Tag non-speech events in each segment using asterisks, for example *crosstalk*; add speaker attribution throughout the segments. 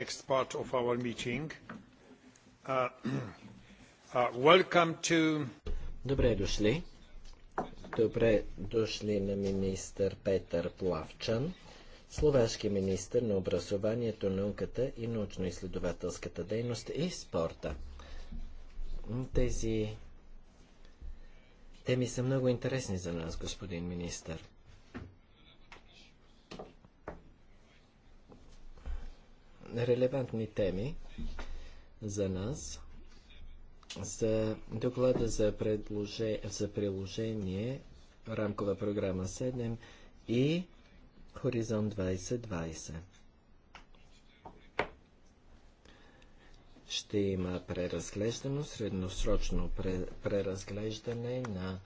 Speaker 1: next part of our meeting. Uh, *clears throat* uh, welcome to...
Speaker 2: Добре дошли. Добре дошли на министър Петър Плавчан, словашки министър на образованието, науката и научно-изследователската дейност и спорта. Тези теми са много интересни за нас, господин министър. релевантни теми за нас. За доклада за, предложе, за приложение рамкова програма 7 и Хоризонт 2020. Ще има преразглеждано, средносрочно преразглеждане на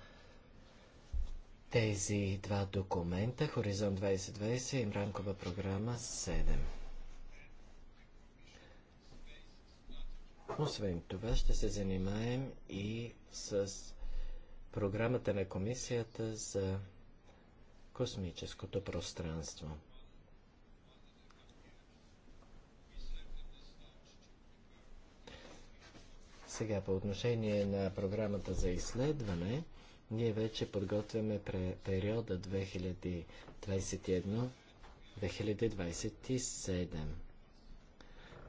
Speaker 2: тези два документа Хоризонт 2020 и рамкова програма 7. Освен това ще се занимаем и с програмата на комисията за космическото пространство. Сега по отношение на програмата за изследване, ние вече подготвяме периода 2021-2027.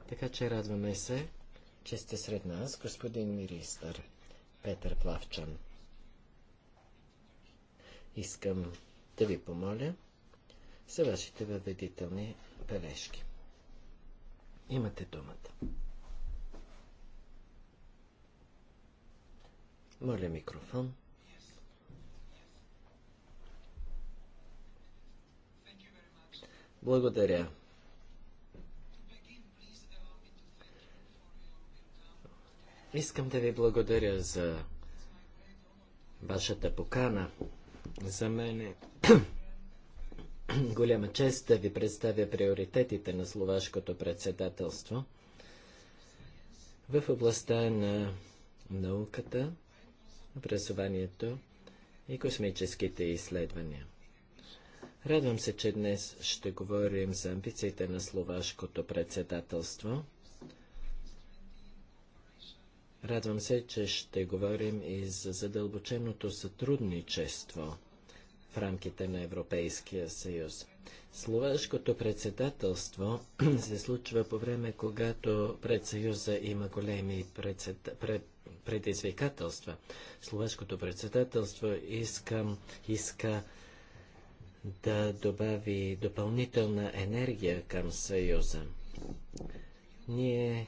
Speaker 2: Така че радваме се, че сте сред нас, господин министър Петър Плавчан. Искам да ви помоля за вашите въведителни бележки. Имате думата. Моля микрофон. Благодаря. Искам да ви благодаря за вашата покана. За мен е *clears throat* голяма чест да ви представя приоритетите на словашкото председателство в областта на науката, образованието и космическите изследвания. Радвам се, че днес ще говорим за амбициите на словашкото председателство – Радвам се, че ще говорим и за задълбоченото сътрудничество в рамките на Европейския съюз. Словашкото председателство *clears throat* се случва по време, когато пред Съюза има големи председ... пред... предизвикателства. Словашкото председателство иска, иска да добави допълнителна енергия към Съюза. Ние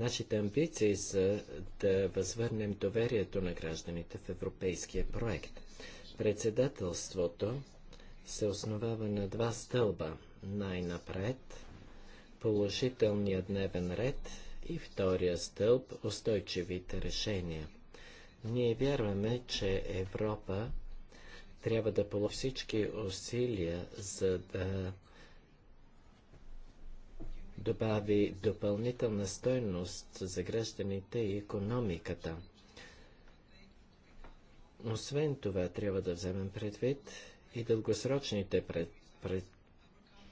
Speaker 2: Нашите амбиции са да възвърнем доверието на гражданите в европейския проект. Председателството се основава на два стълба. Най-напред положителният дневен ред и втория стълб – устойчивите решения. Ние вярваме, че Европа трябва да положи всички усилия, за да добави допълнителна стойност за гражданите и економиката. Освен това, трябва да вземем предвид и дългосрочните пред, пред,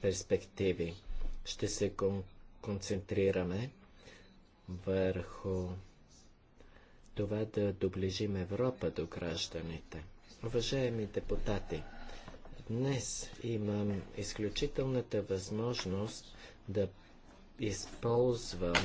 Speaker 2: перспективи. Ще се кон, концентрираме върху това да доближим Европа до гражданите. Уважаеми депутати, днес имам изключителната възможност да използвам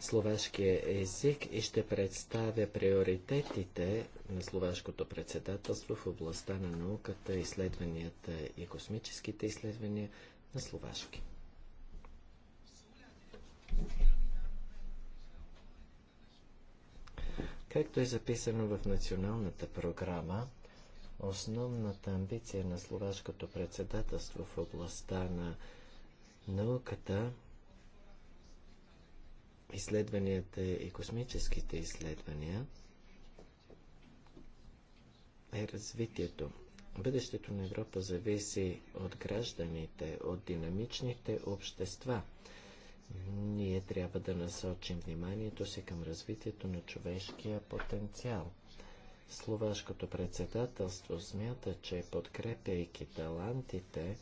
Speaker 2: словашкия език и ще представя приоритетите на словашкото председателство в областта на науката, изследванията и космическите изследвания на словашки. Както е записано в националната програма, основната амбиция на словашкото председателство в областта на Науката, изследванията и космическите изследвания е развитието. Бъдещето на Европа зависи от гражданите, от динамичните общества. Ние трябва да насочим вниманието си към развитието на човешкия потенциал. Словашкото председателство смята, че подкрепяйки талантите,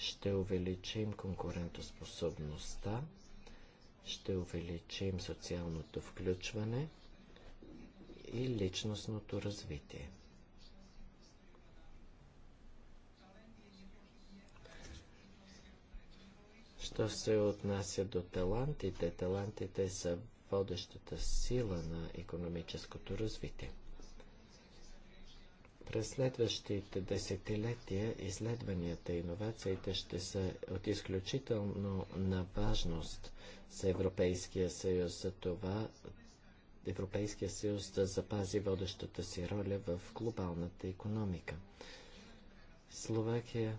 Speaker 2: ще увеличим конкурентоспособността, ще увеличим социалното включване и личностното развитие. Що се отнася до талантите, талантите са водещата сила на економическото развитие. През следващите десетилетия изследванията и иновациите ще са от изключително на важност за Европейския съюз. За това Европейския съюз да запази водещата си роля в глобалната економика. Словакия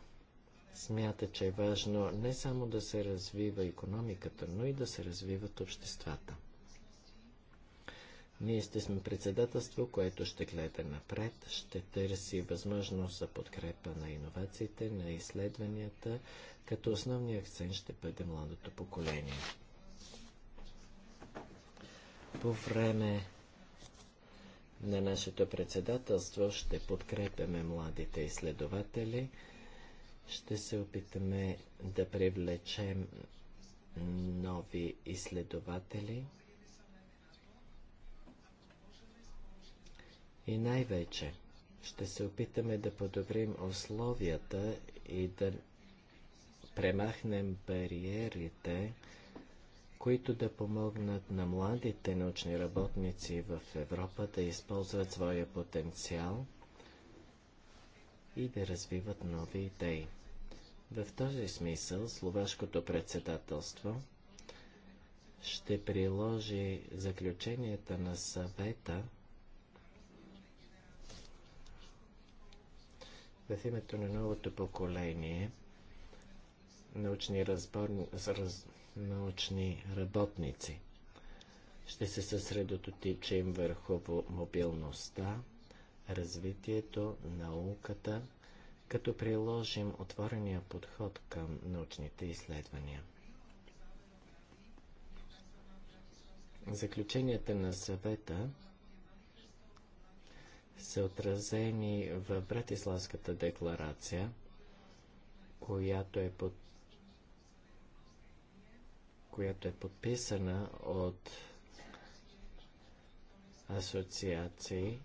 Speaker 2: смята, че е важно не само да се развива економиката, но и да се развиват обществата. Ние сте сме председателство, което ще гледа напред, ще търси възможност за подкрепа на иновациите, на изследванията, като основният акцент ще бъде младото поколение. По време на нашето председателство ще подкрепяме младите изследователи, ще се опитаме да привлечем нови изследователи – И най-вече ще се опитаме да подобрим условията и да премахнем бариерите, които да помогнат на младите научни работници в Европа да използват своя потенциал и да развиват нови идеи. В този смисъл словашкото председателство ще приложи заключенията на съвета в името на новото поколение научни, разбор... раз... научни работници. Ще се съсредоточим върху мобилността, развитието, науката, като приложим отворения подход към научните изследвания. Заключенията на съвета – са отразени в Братиславската декларация, която е, под... която е подписана от асоциации,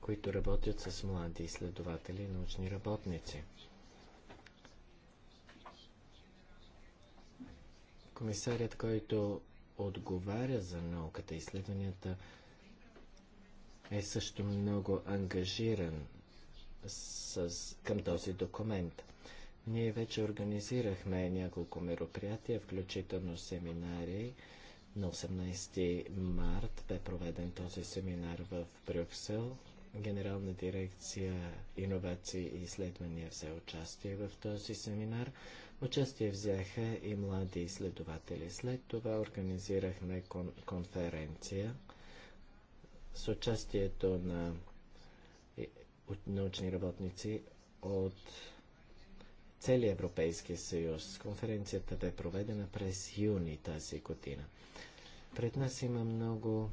Speaker 2: които работят с млади изследователи и научни работници. Комисарят, който отговаря за науката и изследванията, е също много ангажиран с, към този документ. Ние вече организирахме няколко мероприятия, включително семинари. На 18 март бе проведен този семинар в Брюксел. Генерална дирекция иновации и изследвания взе участие в този семинар. Участие взеха и млади изследователи. След това организирахме кон- конференция – с участието на е, научни работници от целия Европейски съюз. Конференцията бе проведена през юни тази година. Пред нас има много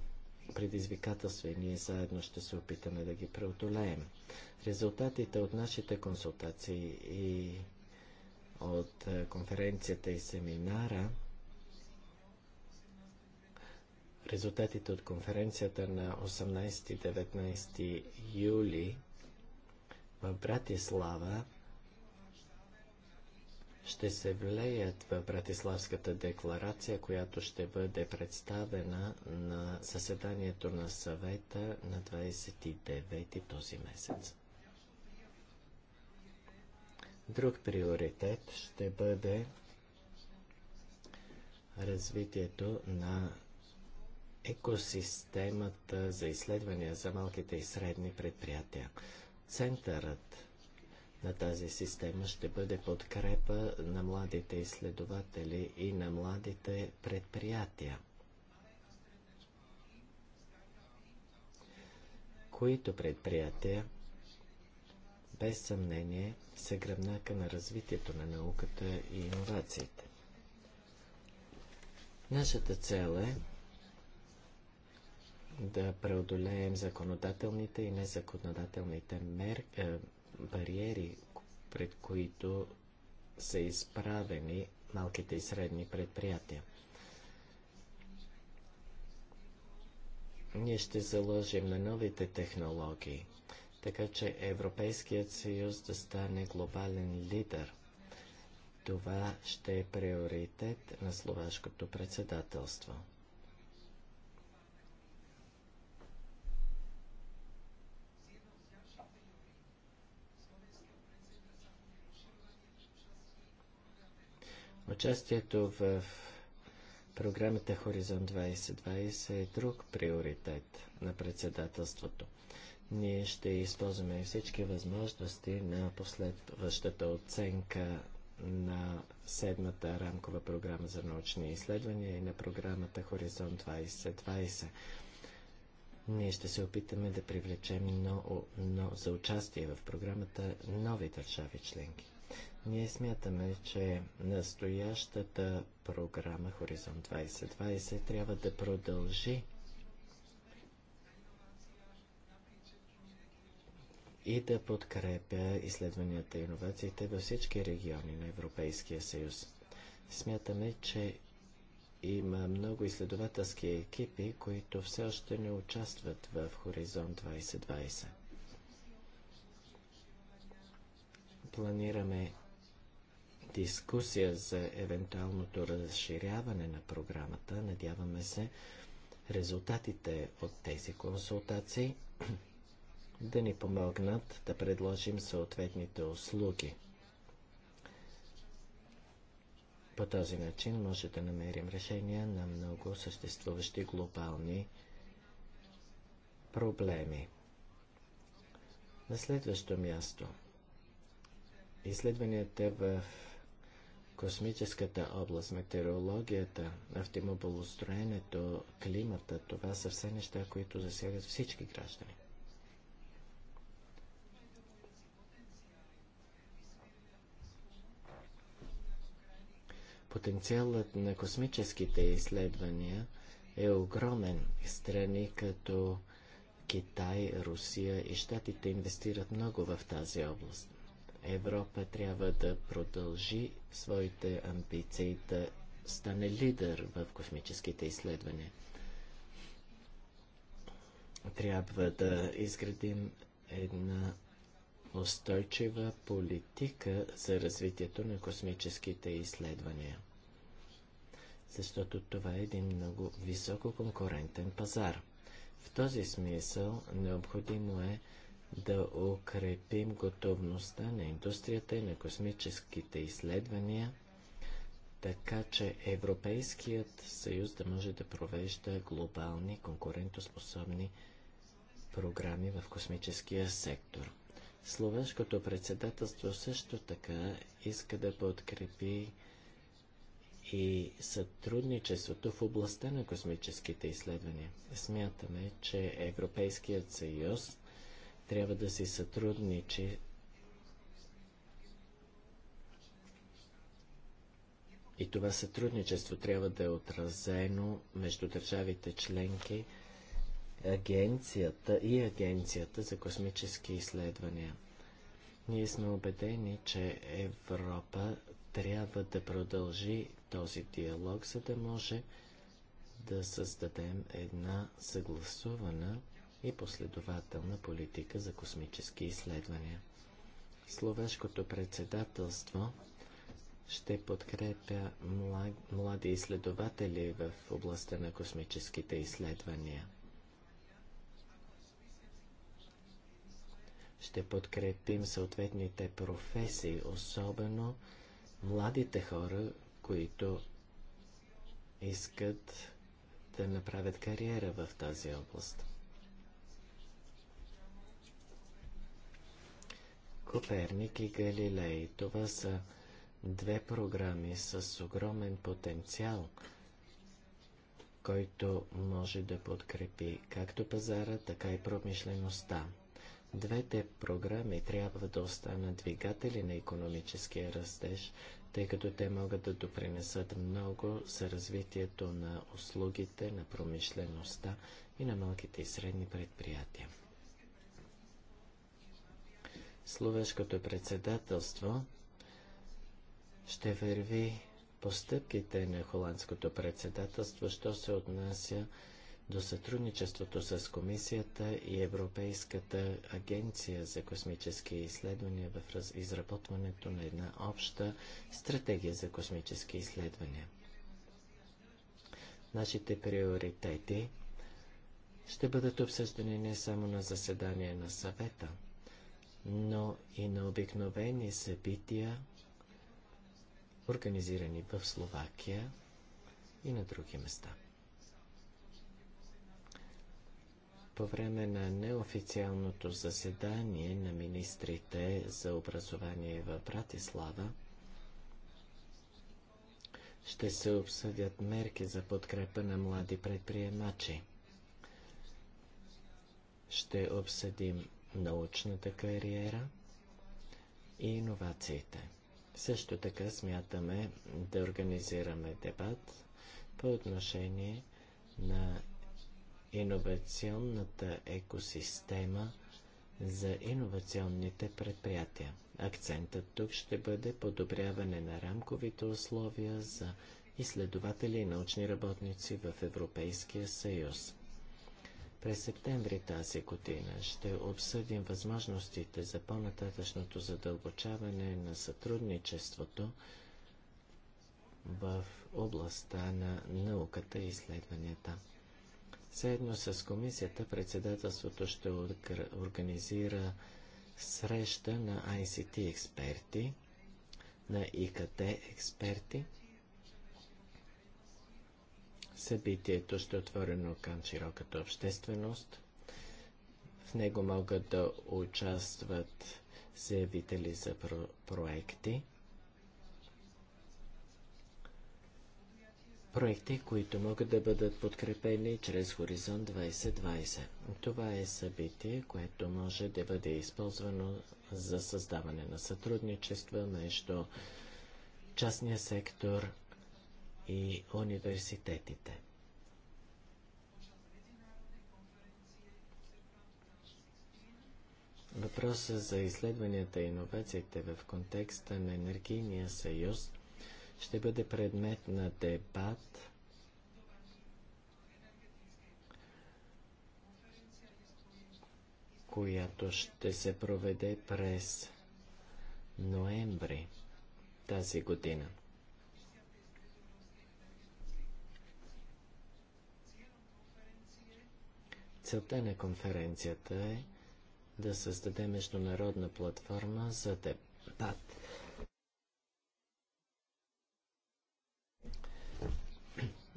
Speaker 2: предизвикателства и ние заедно ще се опитаме да ги преодолеем. Резултатите от нашите консултации и от е, конференцията и семинара – резултатите от конференцията на 18-19 юли в Братислава ще се влеят в Братиславската декларация, която ще бъде представена на съседанието на съвета на 29 този месец. Друг приоритет ще бъде развитието на екосистемата за изследвания за малките и средни предприятия. Центърът на тази система ще бъде подкрепа на младите изследователи и на младите предприятия, които предприятия без съмнение са гръбнака на развитието на науката и иновациите. Нашата цел е да преодолеем законодателните и незаконодателните мер... Е, бариери, пред които са изправени малките и средни предприятия. Ние ще заложим на новите технологии, така че Европейският съюз да стане глобален лидер. Това ще е приоритет на словашкото председателство. Участието в програмата Хоризонт 2020 е друг приоритет на председателството. Ние ще използваме всички възможности на последващата оценка на седмата рамкова програма за научни изследвания и на програмата Хоризонт 2020. Ние ще се опитаме да привлечем но, но, за участие в програмата нови държави членки. Ние смятаме, че настоящата програма Хоризонт 2020 трябва да продължи и да подкрепя изследванията и иновациите във всички региони на Европейския съюз. Смятаме, че има много изследователски екипи, които все още не участват в Хоризонт 2020. Планираме дискусия за евентуалното разширяване на програмата. Надяваме се резултатите от тези консултации да ни помогнат да предложим съответните услуги. По този начин може да намерим решения на много съществуващи глобални проблеми. На следващо място. Изследванията в космическата област, метеорологията, автомобилостроенето, климата, това са все неща, които засягат всички граждани. Потенциалът на космическите изследвания е огромен. Страни като Китай, Русия и Штатите инвестират много в тази област. Европа трябва да продължи своите амбиции да стане лидер в космическите изследвания. Трябва да изградим една устойчива политика за развитието на космическите изследвания. Защото това е един много високо конкурентен пазар. В този смисъл необходимо е да укрепим готовността на индустрията и на космическите изследвания, така че Европейският съюз да може да провежда глобални конкурентоспособни програми в космическия сектор. Словешкото председателство също така иска да подкрепи и сътрудничеството в областта на космическите изследвания. Смятаме, че Европейският съюз трябва да си сътрудничи И това сътрудничество трябва да е отразено между държавите членки, агенцията и агенцията за космически изследвания. Ние сме убедени, че Европа трябва да продължи този диалог, за да може да създадем една съгласувана и последователна политика за космически изследвания. Словешкото председателство ще подкрепя млади изследователи в областта на космическите изследвания. Ще подкрепим съответните професии, особено младите хора, които искат да направят кариера в тази област. Коперник и Галилей. Това са две програми с огромен потенциал, който може да подкрепи както пазара, така и промишлеността. Двете програми трябва да останат двигатели на економическия растеж, тъй като те могат да допринесат много за развитието на услугите, на промишлеността и на малките и средни предприятия. Словешкото председателство ще върви постъпките на холандското председателство, що се отнася до сътрудничеството с Комисията и Европейската агенция за космически изследвания в изработването на една обща стратегия за космически изследвания. Нашите приоритети ще бъдат обсъждани не само на заседание на съвета – но и на обикновени събития, организирани в Словакия и на други места. По време на неофициалното заседание на министрите за образование в Братислава ще се обсъдят мерки за подкрепа на млади предприемачи. Ще обсъдим научната кариера и иновациите. Също така смятаме да организираме дебат по отношение на иновационната екосистема за иновационните предприятия. Акцентът тук ще бъде подобряване на рамковите условия за изследователи и научни работници в Европейския съюз. През септември тази година ще обсъдим възможностите за по-нататъчното задълбочаване на сътрудничеството в областта на науката и изследванията. Заедно с комисията председателството ще организира среща на ICT експерти, на ИКТ експерти – Събитието ще е отворено към широката общественост. В него могат да участват заявители за про проекти. Проекти, които могат да бъдат подкрепени чрез Хоризонт 2020. Това е събитие, което може да бъде използвано за създаване на сътрудничества между частния сектор и университетите. Въпросът за изследванията и иновациите в контекста на енергийния съюз ще бъде предмет на дебат която ще се проведе през ноември тази година. Целта на конференцията е да създаде международна платформа за дебат.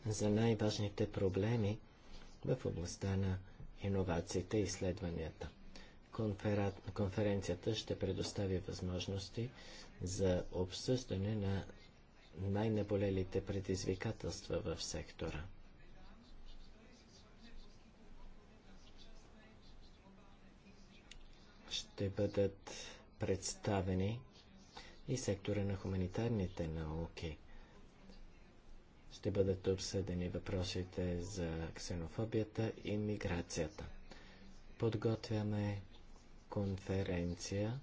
Speaker 2: за най-важните проблеми в областта на иновациите и изследванията. Конференцията ще предостави възможности за обсъждане на най-наболелите предизвикателства в сектора. ще бъдат представени и сектора на хуманитарните науки. Ще бъдат обсъдени въпросите за ксенофобията и миграцията. Подготвяме конференция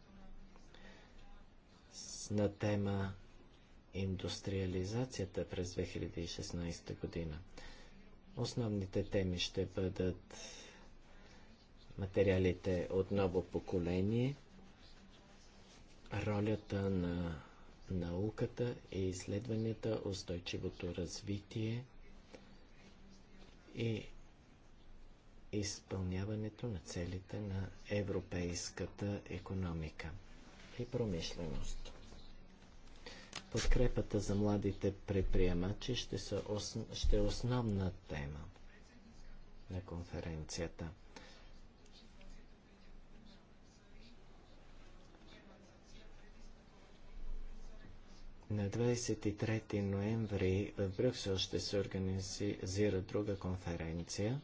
Speaker 2: на тема индустриализацията през 2016 година. Основните теми ще бъдат материалите от ново поколение, ролята на науката и изследванията, устойчивото развитие и изпълняването на целите на европейската економика и промишленост. Подкрепата за младите предприемачи ще, ще е основна тема на конференцията – На 23 ноември в Брюксел ще се организира друга конференция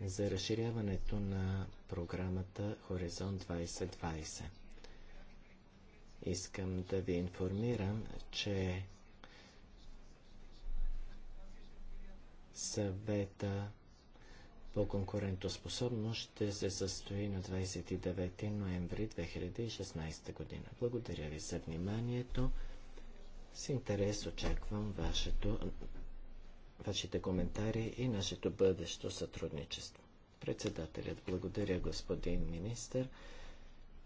Speaker 2: за разширяването на програмата Хоризонт 2020. Искам да ви информирам, че съвета по-конкурентоспособно ще се състои на 29 ноември 2016 година. Благодаря ви за вниманието. С интерес очаквам вашето, вашите коментари и нашето бъдещо сътрудничество. Председателят, благодаря господин министр,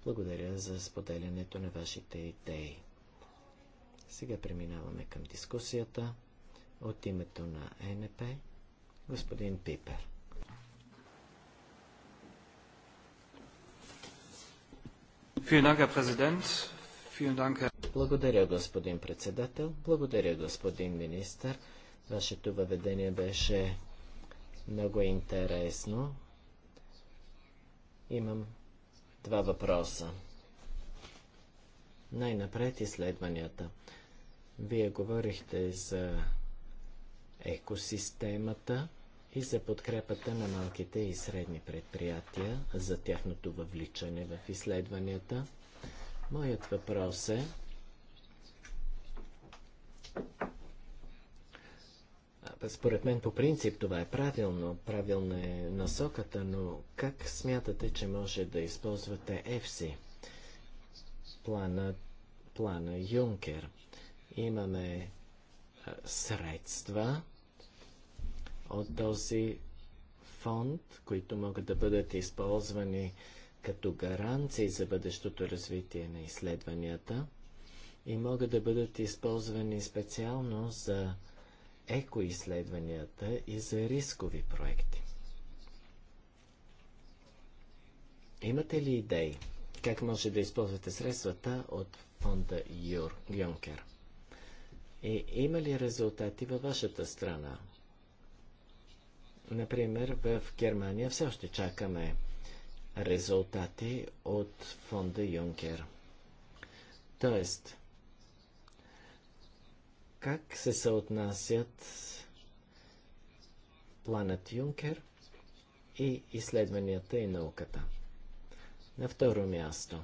Speaker 2: благодаря за споделянето на вашите идеи. Сега преминаваме към дискусията от името на е НП
Speaker 1: господин Пипер. Благодаря,
Speaker 2: господин председател. Благодаря, господин министър. Вашето въведение беше много интересно. Имам два въпроса. Най-напред изследванията. Вие говорихте за екосистемата и за подкрепата на малките и средни предприятия за тяхното въвличане в изследванията. Моят въпрос е Според мен по принцип това е правилно, правилна е насоката, но как смятате, че може да използвате Ефси плана, плана Юнкер? Имаме средства, от този фонд, които могат да бъдат използвани като гаранции за бъдещото развитие на изследванията и могат да бъдат използвани специално за екоизследванията и за рискови проекти. Имате ли идеи как може да използвате средствата от фонда Юр, Юнкер? И има ли резултати във вашата страна? Например, в Германия все още чакаме резултати от фонда Юнкер. Тоест, как се съотнасят планът Юнкер и изследванията и науката? На второ място,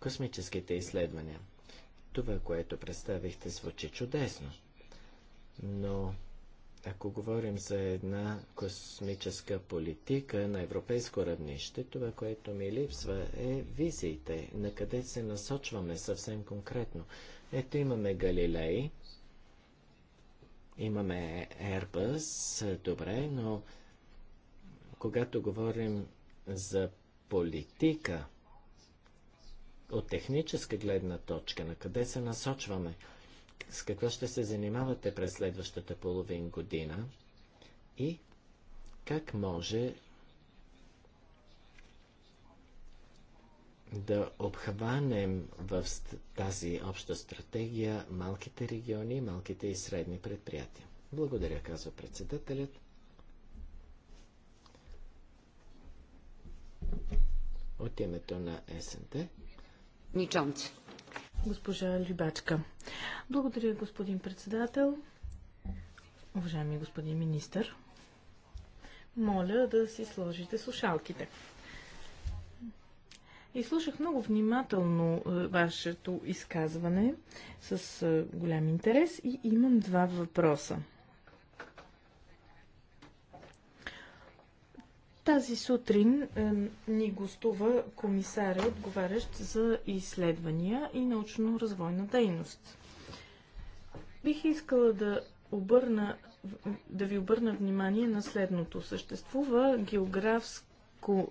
Speaker 2: космическите изследвания. Това, което представихте, звучи чудесно, но ако говорим за една космическа политика на европейско равнище, това, което ми липсва е визиите, на къде се насочваме съвсем конкретно. Ето имаме Галилей, имаме Airbus, добре, но когато говорим за политика, от техническа гледна точка, на къде се насочваме – с какво ще се занимавате през следващата половин година и как може да обхванем в тази обща стратегия малките региони, малките и средни предприятия. Благодаря, казва председателят.
Speaker 1: От името на СНТ. Ничонци. Госпожа Любачка. Благодаря, господин председател. Уважаеми господин министър, моля да си сложите слушалките. И слушах много внимателно е, вашето изказване с е, голям интерес и имам два въпроса. Тази сутрин ни гостува комисаря, отговарящ за изследвания и научно-развойна дейност. Бих искала да обърна да ви обърна внимание на следното. Съществува географск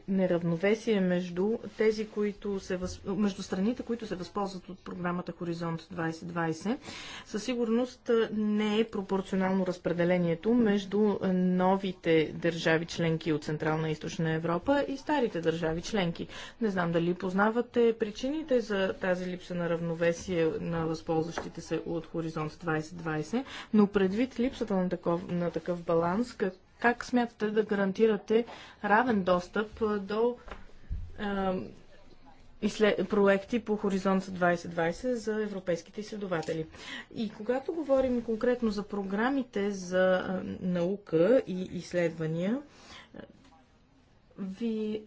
Speaker 1: неравновесие между тези, които се въз... между страните, които се възползват от програмата Хоризонт 2020. Със сигурност не е пропорционално разпределението между новите държави членки от Централна и Източна Европа и старите държави членки. Не знам дали познавате причините за тази липса на равновесие на възползващите се от Хоризонт 2020, но предвид липсата на такъв, на такъв баланс, като как смятате да гарантирате равен достъп до проекти по Хоризонт 2020 за европейските изследователи. И когато говорим конкретно за програмите за наука и изследвания, вие,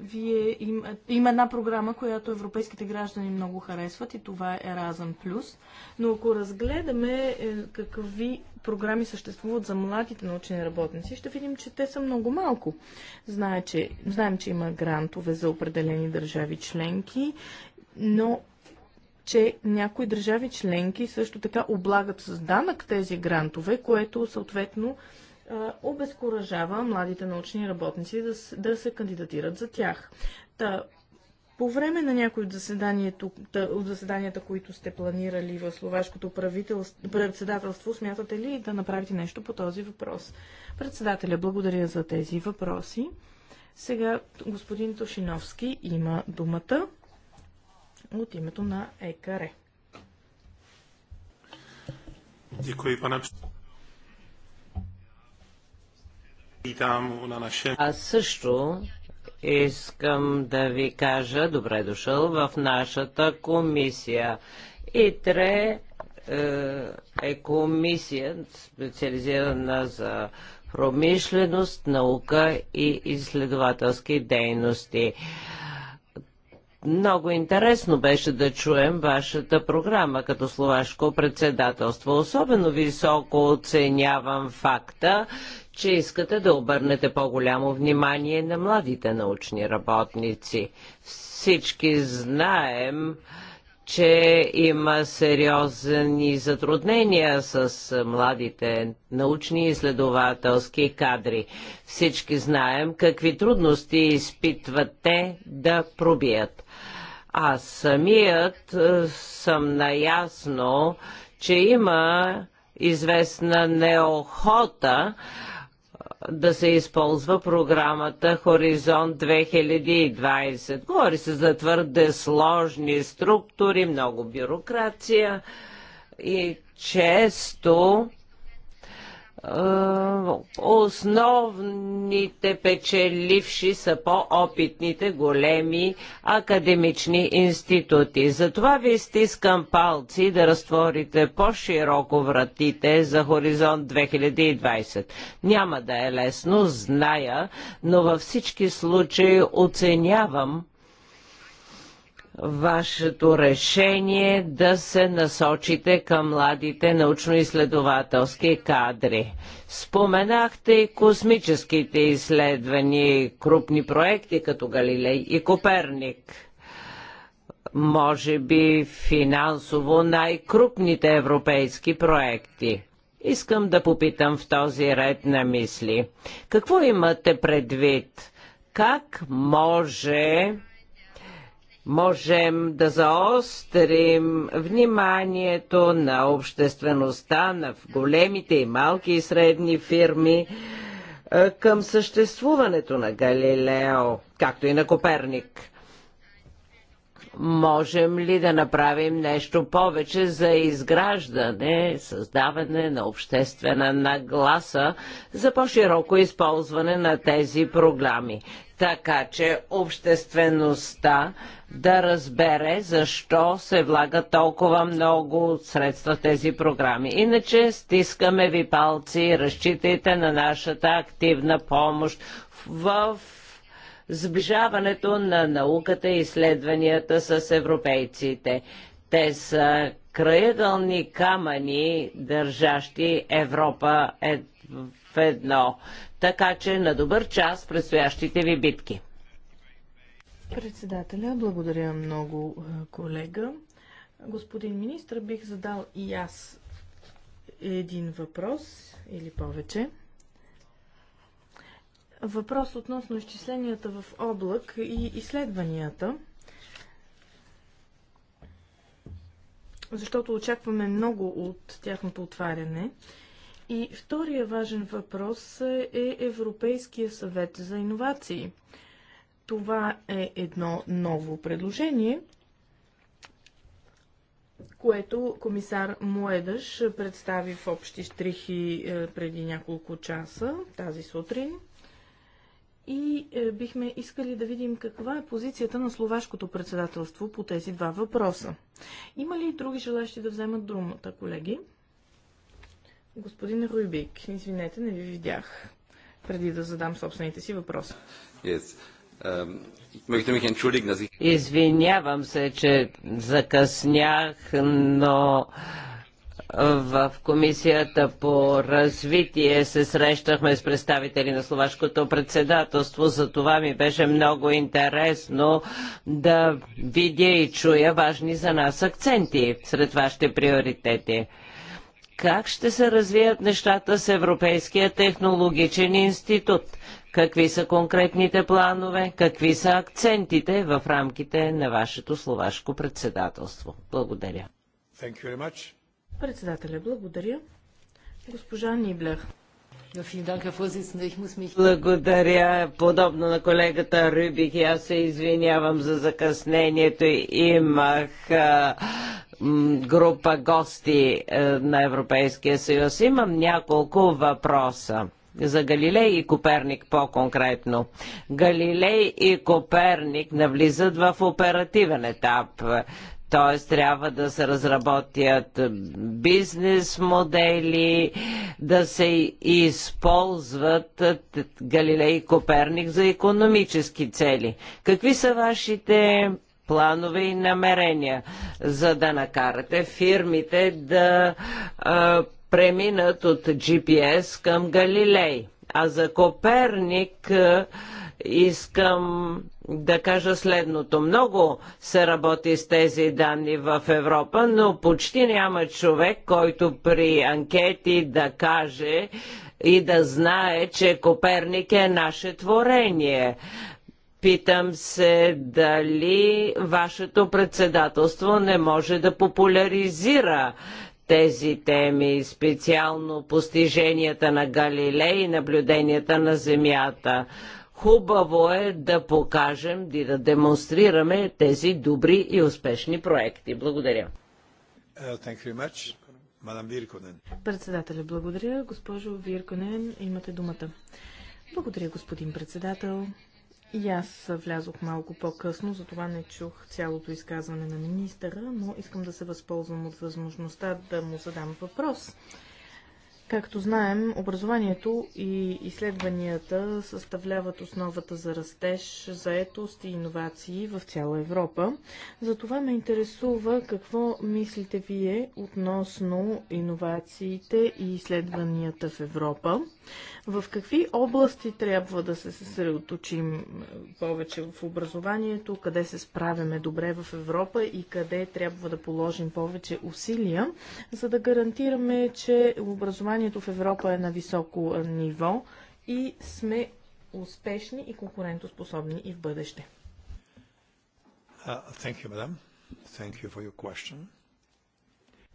Speaker 1: вие им, има една програма, която европейските граждани много харесват и това е Еразъм Плюс. Но ако разгледаме е, какви програми съществуват за младите научни работници, ще видим, че те са много малко. Знае, че, знаем, че има грантове за определени държави членки, но че някои държави членки също така облагат с данък тези грантове, което съответно обезкуражава младите научни работници да, да се кандидатират за тях. Та, по време на някои от, от заседанията, които сте планирали в словашкото председателство, смятате ли да направите нещо по този въпрос? Председателя, благодаря за тези въпроси. Сега господин Тошиновски има думата от името на ЕКАРЕ.
Speaker 3: Děkuji, pane Аз също искам да ви кажа добре дошъл в нашата комисия. ИТРЕ е, е комисия специализирана за промишленост, наука и изследователски дейности. Много интересно беше да чуем вашата програма като словашко председателство. Особено високо оценявам факта, че искате да обърнете по-голямо внимание на младите научни работници. Всички знаем, че има сериозни затруднения с младите научни и изследователски кадри. Всички знаем какви трудности изпитват те да пробият. Аз самият е, съм наясно, че има известна неохота да се използва програмата Хоризонт 2020. Говори се за твърде сложни структури, много бюрокрация и често е, основните печеливши са по-опитните големи академични институти. Затова ви стискам палци да разтворите по-широко вратите за Хоризонт 2020. Няма да е лесно, зная, но във всички случаи оценявам вашето решение да се насочите към младите научно-изследователски кадри. Споменахте и космическите изследвания, и крупни проекти като Галилей и Коперник. Може би финансово най-крупните европейски проекти. Искам да попитам в този ред на мисли. Какво имате предвид? Как може можем да заострим вниманието на обществеността, на големите и малки и средни фирми е, към съществуването на Галилео, както и на Коперник. Можем ли да направим нещо повече за изграждане, създаване на обществена нагласа за по-широко използване на тези програми? така че обществеността да разбере защо се влага толкова много средства в тези програми. Иначе стискаме ви палци, разчитайте на нашата активна помощ в сближаването на науката и изследванията с европейците. Те са краегълни камъни, държащи Европа е в едно. Така че на добър час предстоящите ви битки.
Speaker 1: Председателя, благодаря много, е, колега. Господин министр, бих задал и аз един въпрос или повече. Въпрос относно изчисленията в облак и изследванията. Защото очакваме много от тяхното отваряне и втория важен въпрос е Европейския съвет за иновации. Това е едно ново предложение, което комисар Моедаш представи в общи штрихи е, преди няколко часа тази сутрин. И е, бихме искали да видим каква е позицията на словашкото председателство по тези два въпроса. Има ли други желащи да вземат думата, колеги? Господин Руйбик, извинете, не ви видях
Speaker 3: преди да задам собствените си въпроси. Yes. Извинявам се, че закъснях, но в Комисията по развитие се срещахме с представители на Словашкото председателство. За това ми беше много интересно да видя и чуя важни за нас акценти сред вашите приоритети. Как ще се развият нещата с Европейския технологичен институт? Какви са конкретните планове? Какви са акцентите в рамките на вашето словашко председателство? Благодаря.
Speaker 1: Председателя, благодаря. Госпожа Ниблер.
Speaker 3: Благодаря. Подобно на колегата Рюбих, аз се извинявам за закъснението. Имах група гости е, на Европейския съюз. Имам няколко въпроса за Галилей и Коперник по-конкретно. Галилей и Коперник навлизат в оперативен етап т.е. трябва да се разработят бизнес модели, да се използват Галилей и Коперник за економически цели. Какви са вашите планове и намерения, за да накарате фирмите да а, преминат от GPS към Галилей? А за Коперник а, искам да кажа следното. Много се работи с тези данни в Европа, но почти няма човек, който при анкети да каже и да знае, че Коперник е наше творение. Питам се дали вашето председателство не може да популяризира тези теми, специално постиженията на Галилей и наблюденията на Земята. Хубаво е да покажем и да демонстрираме тези добри и успешни проекти. Благодаря. Uh,
Speaker 1: Председателя, благодаря. Госпожо Вирконен, имате думата. Благодаря, господин председател. И аз влязох малко по-късно, затова не чух цялото изказване на министъра, но искам да се възползвам от възможността да му задам въпрос. Както знаем, образованието и изследванията съставляват основата за растеж, заетост и иновации в цяла Европа. Затова ме интересува какво мислите вие относно иновациите и изследванията в Европа. В какви области трябва да се съсредоточим е, повече в образованието, къде се справяме добре в Европа и къде трябва да положим повече усилия, за да гарантираме, че образованието в Европа е на високо е, ниво и сме успешни и конкурентоспособни и в бъдеще? Uh, you,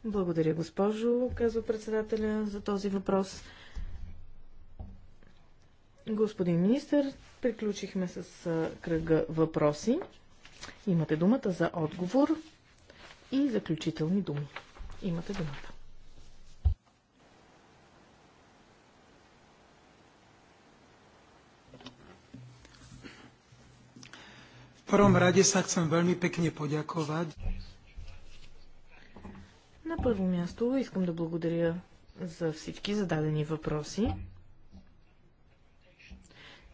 Speaker 1: Благодаря, госпожо, казва председателя, за този въпрос. Господин министр, приключихме с кръга въпроси. Имате думата за отговор и заключителни думи. Имате
Speaker 3: думата. V prvom
Speaker 2: rade sa chcem veľmi pekne
Speaker 1: На първо място искам да благодаря за всички зададени въпроси.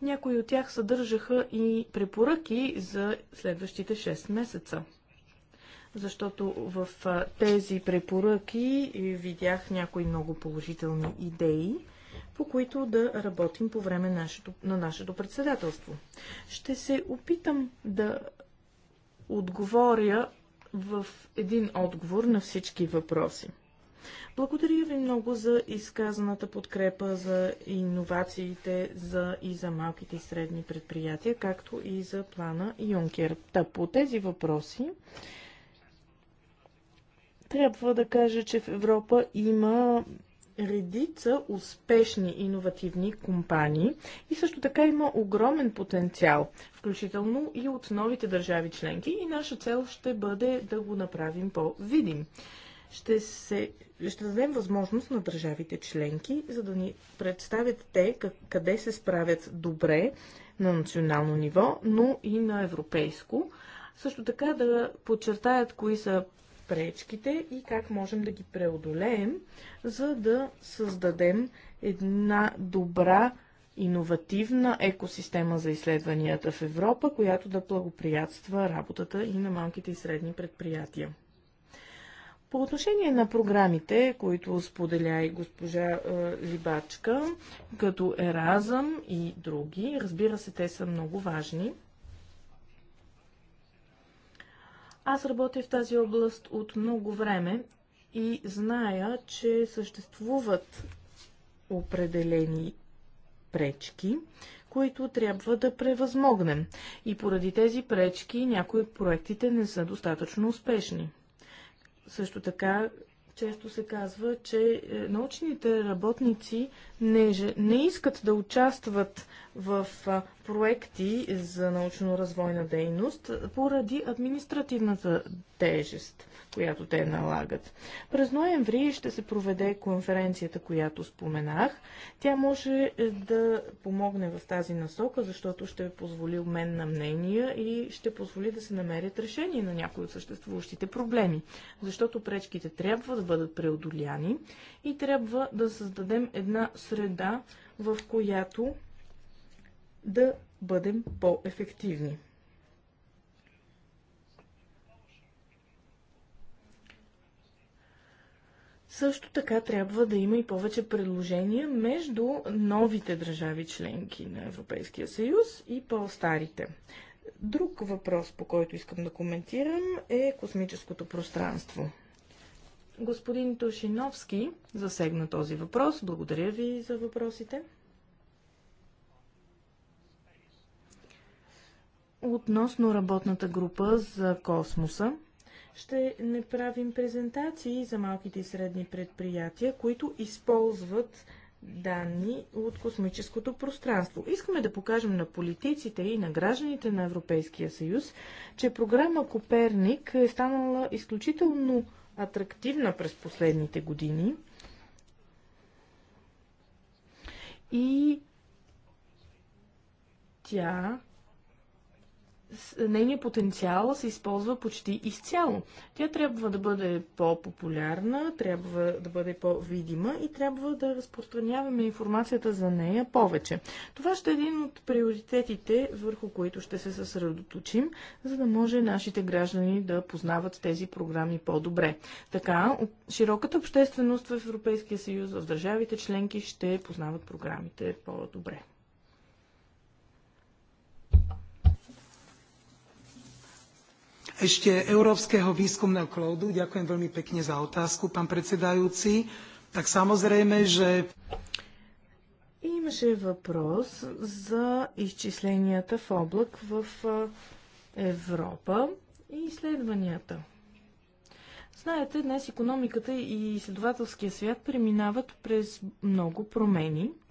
Speaker 1: Някои от тях съдържаха и препоръки за следващите 6 месеца. Защото в тези препоръки е, видях някои много положителни идеи, по които да работим по време нашето, на нашето председателство. Ще се опитам да отговоря в един отговор на всички въпроси. Благодаря ви много за изказаната подкрепа за иновациите за и за малките и средни предприятия, както и за плана Юнкер. Та по тези въпроси трябва да кажа, че в Европа има редица успешни иновативни компании и също така има огромен потенциал, включително и от новите държави членки и наша цел ще бъде да го направим по-видим ще, се, ще дадем възможност на държавите членки, за да ни представят те как, къде се справят добре на национално ниво, но и на европейско. Също така да подчертаят кои са пречките и как можем да ги преодолеем, за да създадем една добра иновативна екосистема за изследванията в Европа, която да благоприятства работата и на малките и средни предприятия. По отношение на програмите, които споделя и госпожа е, Либачка, като Еразъм и други, разбира се, те са много важни. Аз работя в тази област от много време и зная, че съществуват определени пречки, които трябва да превъзмогнем. И поради тези пречки някои от проектите не са достатъчно успешни. Също така, често се казва, че е, научните работници не, не искат да участват в проекти за научно-развойна дейност поради административната тежест, която те налагат. През ноември ще се проведе конференцията, която споменах. Тя може да помогне в тази насока, защото ще позволи обмен на мнения и ще позволи да се намерят решения на някои от съществуващите проблеми. Защото пречките трябва да бъдат преодоляни и трябва да създадем една среда, в която да бъдем по-ефективни. Също така трябва да има и повече предложения между новите държави членки на Европейския съюз и по-старите. Друг въпрос, по който искам да коментирам, е космическото пространство. Господин Тушиновски засегна този въпрос. Благодаря ви за въпросите. Относно работната група за космоса, ще направим презентации за малките и средни предприятия, които използват данни от космическото пространство. Искаме да покажем на политиците и на гражданите на Европейския съюз, че програма Коперник е станала изключително атрактивна през последните години и тя нейният потенциал се използва почти изцяло. Тя трябва да бъде по-популярна, трябва да бъде по-видима и трябва да разпространяваме информацията за нея повече. Това ще е един от приоритетите, върху които ще се съсредоточим, за да може нашите граждани да познават тези програми по-добре. Така, широката общественост в Европейския съюз, в държавите членки ще познават програмите по-добре.
Speaker 2: ešte Európskeho výskumného cloudu. Ďakujem veľmi pekne za otázku, pán
Speaker 1: predsedajúci. Tak samozrejme, že... Имаше въпрос за изчисленията в облак в Европа и изследванията. Знаете, днес економиката и изследователския свят преминават през много промени –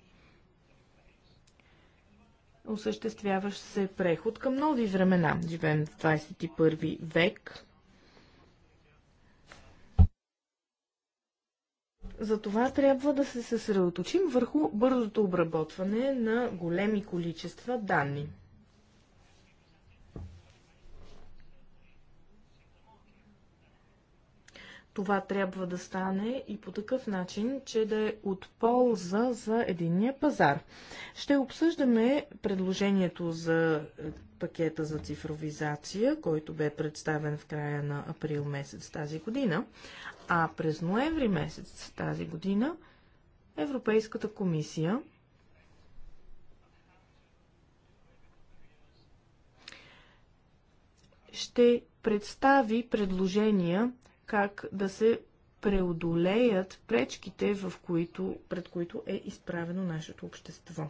Speaker 1: осъществяващ се преход към нови времена. Живеем в 21 век. Затова трябва да се съсредоточим върху бързото обработване на големи количества данни. Това трябва да стане и по такъв начин, че да е от полза за единния пазар. Ще обсъждаме предложението за е, пакета за цифровизация, който бе представен в края на април месец тази година, а през ноември месец тази година Европейската комисия ще представи предложения как да се преодолеят пречките, в които, пред които е изправено нашето общество.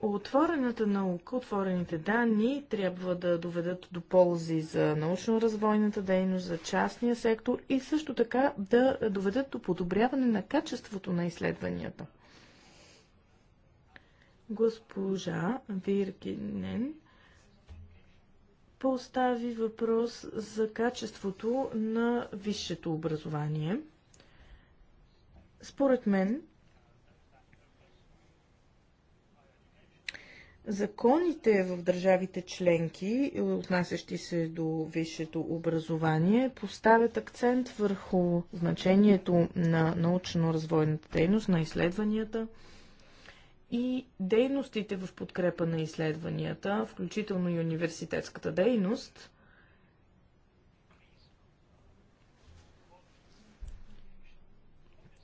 Speaker 1: Отворената наука, отворените данни трябва да доведат до ползи за научно-развойната дейност, за частния сектор и също така да доведат до подобряване на качеството на изследванията. Госпожа Виргинен постави въпрос за качеството на висшето образование. Според мен, Законите в държавите членки, отнасящи се до висшето образование, поставят акцент върху значението на научно-развойната дейност, на изследванията – и дейностите в подкрепа на изследванията, включително и университетската дейност,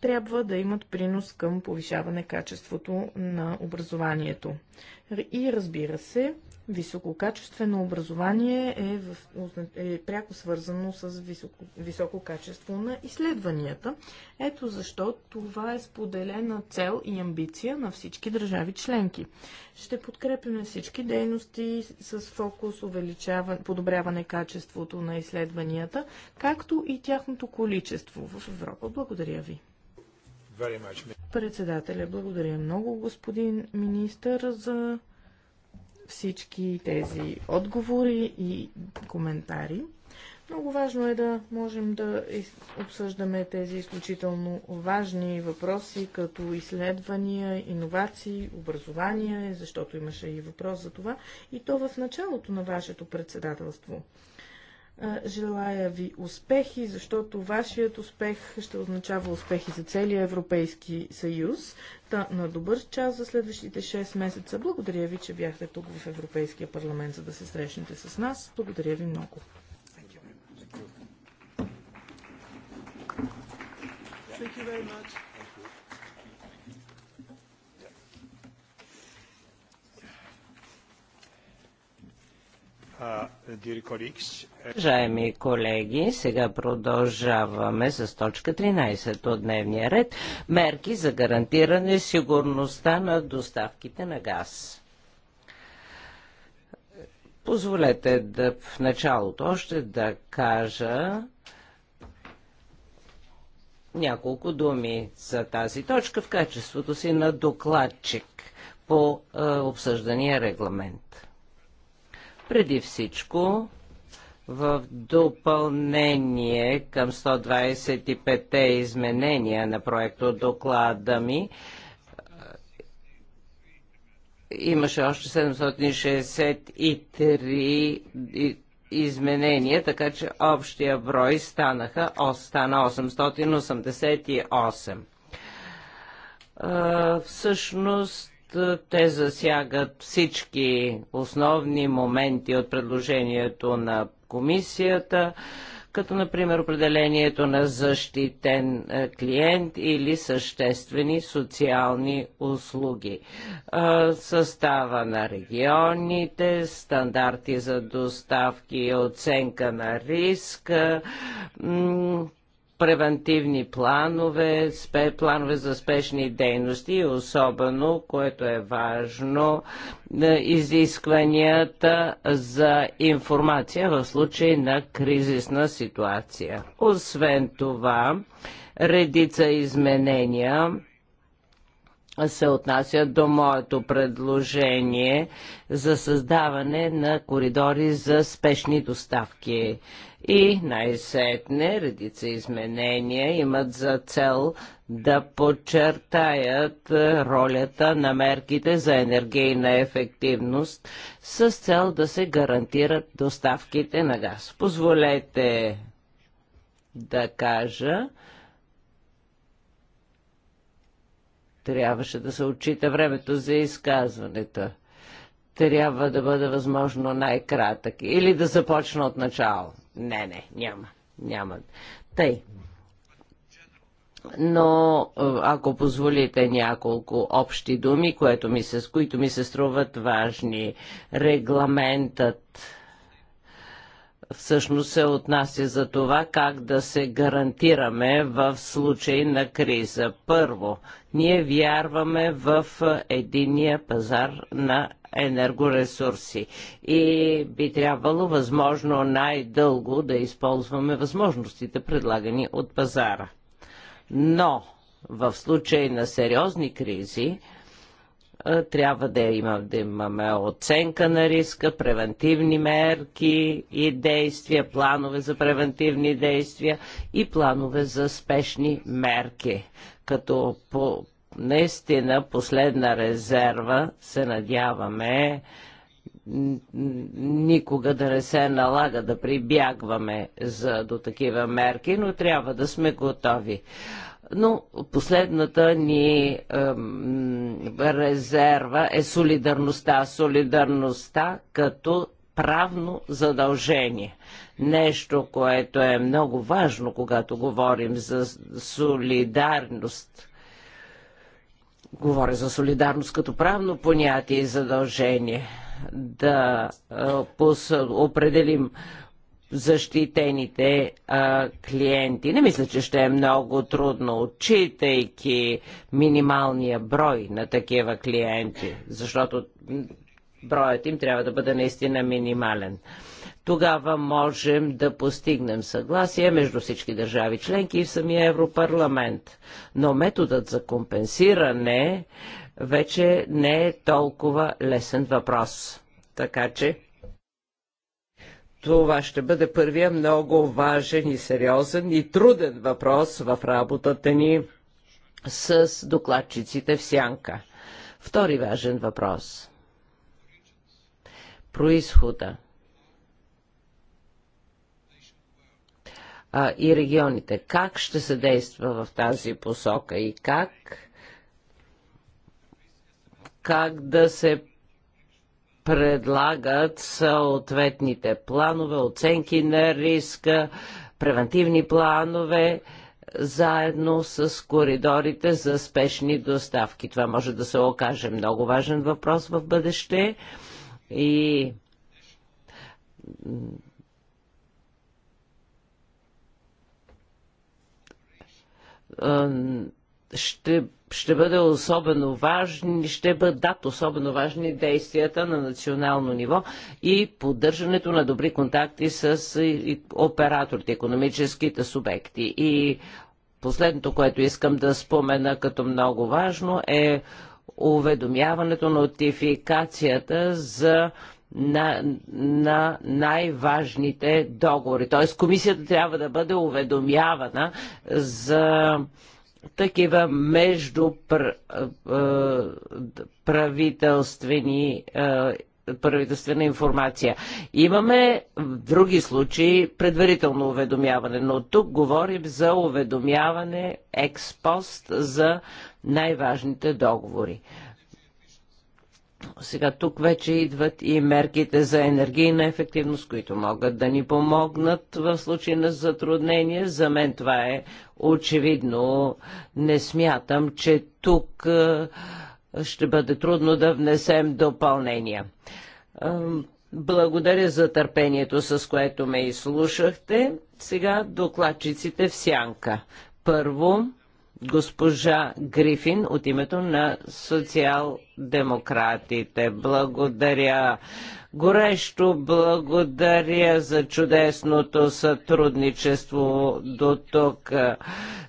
Speaker 1: трябва да имат принос към повишаване качеството на образованието. И разбира се, Висококачествено образование е, в, е пряко свързано с високо, високо качество на изследванията. Ето защо това е споделена цел и амбиция на всички държави членки. Ще подкрепим всички дейности с фокус увеличаване, подобряване качеството на изследванията, както и тяхното количество в Европа. Благодаря ви. Председателя, благодаря много, господин министър, за всички тези отговори и коментари. Много важно е да можем да обсъждаме тези изключително важни въпроси, като изследвания, иновации, образование, защото имаше и въпрос за това, и то в началото на вашето председателство. Желая ви успехи, защото вашият успех ще означава успехи за целия Европейски съюз. Та на добър час за следващите 6 месеца. Благодаря ви, че бяхте тук в Европейския парламент, за да се срещнете с нас. Благодаря ви много.
Speaker 2: Thank you very much. Uh, uh, Уважаеми
Speaker 3: колеги, сега продължаваме с точка 13 от дневния ред. Мерки за гарантиране сигурността на доставките на газ. Позволете да в началото още да кажа, няколко думи за тази точка в качеството си на докладчик по е, обсъждания регламент. Преди всичко, в допълнение към 125-те изменения на проекто доклада ми, имаше още 763 изменения, така че общия брой станаха, стана 888. Всъщност е, те засягат всички основни моменти от предложението на комисията, като например определението на защитен е, клиент или съществени социални услуги, е, състава на регионите, стандарти за доставки и оценка на риска, превентивни планове, спе, планове за спешни дейности особено, което е важно, е, изискванията за информация в случай на кризисна ситуация. Освен това, редица изменения се отнасят до моето предложение за създаване на коридори за спешни доставки. И най-сетне редица изменения имат за цел да подчертаят е, ролята на мерките за енергийна ефективност с цел да се гарантират доставките на газ. Позволете да кажа, трябваше да се отчита времето за изказването. Трябва да бъде възможно най-кратък или да започна от начало. Не, не, няма. Няма. Тъй. Но е, ако позволите няколко общи думи, което ми се, с които ми се струват важни, регламентът всъщност се отнася за това как да се гарантираме в случай на криза. Първо, ние вярваме в единия пазар на енергоресурси. И би трябвало възможно най-дълго да използваме възможностите, предлагани от пазара. Но в случай на сериозни кризи, е, трябва да, има, да имаме оценка на риска, превентивни мерки и действия, планове за превентивни действия и планове за спешни мерки. Като по, наистина последна резерва, се надяваме, никога да не се налага да прибягваме за, до такива мерки, но трябва да сме готови. Но последната ни е, резерва е солидарността. Солидарността като правно задължение. Нещо, което е много важно, когато говорим за солидарност Говоря за солидарност като правно понятие и задължение да е, определим защитените а, клиенти. Не мисля, че ще е много трудно, отчитайки минималния брой на такива клиенти, защото броят им трябва да бъде наистина минимален. Тогава можем да постигнем съгласие между всички държави членки и в самия Европарламент. Но методът за компенсиране вече не е толкова лесен въпрос. Така че това ще бъде първия много важен и сериозен и труден въпрос в работата ни с докладчиците в сянка. Втори важен въпрос. Происхода а, и регионите. Как ще се действа в тази посока и как, как да се предлагат съответните планове, оценки на риска, превентивни планове, заедно с коридорите за спешни доставки. Това може да се окаже много важен въпрос в бъдеще и ще, ще бъде особено важни, ще бъдат особено важни действията на национално ниво и поддържането на добри контакти с операторите, економическите субекти. И последното, което искам да спомена като много важно е уведомяването, нотификацията за на, на най-важните договори. Т.е. комисията трябва да бъде уведомявана за такива междуправителствени правителствена информация. Имаме в други случаи предварително уведомяване, но тук говорим за уведомяване експост за най-важните договори. Сега тук вече идват и мерките за енергийна ефективност, които могат да ни помогнат в случай на затруднение. За мен това е очевидно. Не смятам, че тук ще бъде трудно да внесем допълнения. Благодаря за търпението, с което ме изслушахте. Сега докладчиците в сянка. Първо, госпожа Грифин от името на социал-демократите. Благодаря. Горещо благодаря за чудесното сътрудничество до тук.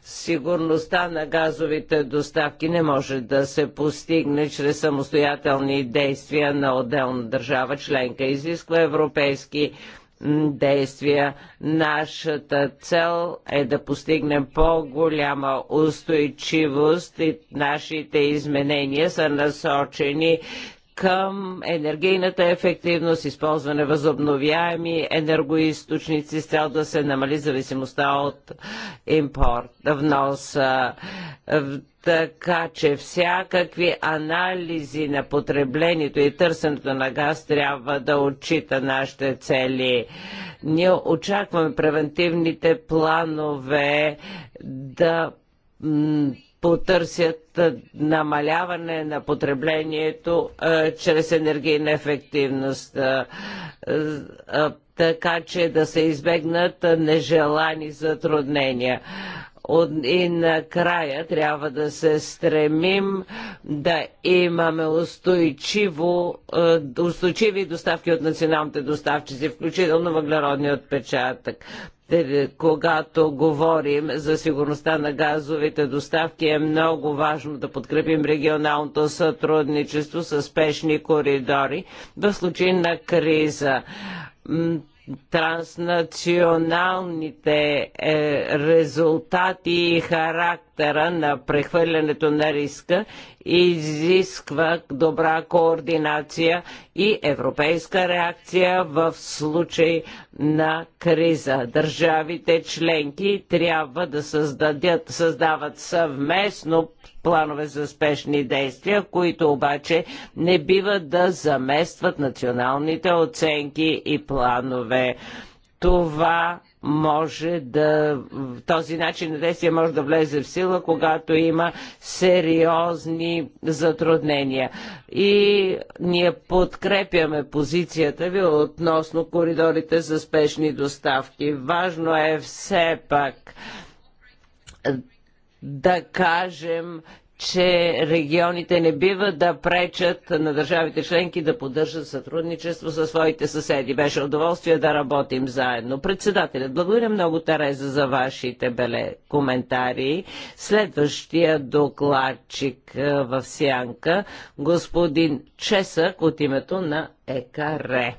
Speaker 3: Сигурността на газовите доставки не може да се постигне чрез самостоятелни действия на отделна държава членка. Изисква европейски действия. Нашата цел е да постигнем по-голяма устойчивост и нашите изменения са насочени към енергийната ефективност, използване възобновяеми енергоисточници с цел да се намали зависимостта от импорт, внос. Така че всякакви анализи на потреблението и търсенето на газ трябва да отчита нашите цели. Ние очакваме превентивните планове да потърсят намаляване на потреблението чрез енергийна ефективност. така че да се избегнат нежелани затруднения. и накрая трябва да се стремим да имаме устойчиво, устойчиви доставки от националните доставчици, включително въглеродния отпечатък. Е, когато говорим за сигурността на газовите доставки, е много важно да подкрепим регионалното сътрудничество с спешни коридори в случай на криза транснационалните е, резултати и характер характера на прехвърлянето на риска изисква добра координация и европейска реакция в случай на криза. Държавите членки трябва да създадят, създават съвместно планове за спешни действия, които обаче не бива да заместват националните оценки и планове. Това може да, този начин на действие може да влезе в сила, когато има сериозни затруднения. И ние подкрепяме позицията ви относно коридорите за спешни доставки. Важно е все пак да кажем, че регионите не бива да пречат на държавите членки да поддържат сътрудничество със своите съседи. Беше удоволствие да работим заедно. Председателят, благодаря много, Тереза, за вашите беле коментари. Следващия докладчик е, в Сянка, господин Чесък от името на ЕКАРЕ.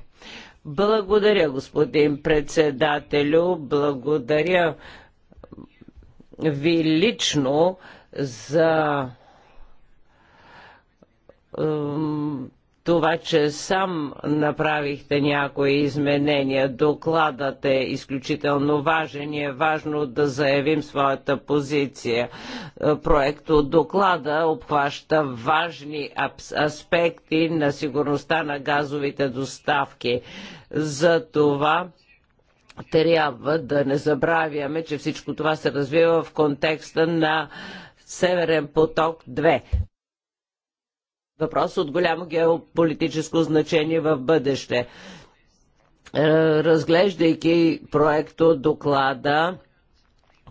Speaker 3: Благодаря, господин председателю. Благодаря ви лично за това, че сам направихте някои изменения. Докладът е изключително важен и е важно да заявим своята позиция. Е, проект от доклада обхваща важни аспекти на сигурността на газовите доставки. За това трябва да не забравяме, че всичко това се развива в контекста на Северен поток 2. Въпрос от голямо геополитическо значение в бъдеще. Е, разглеждайки проекто доклада,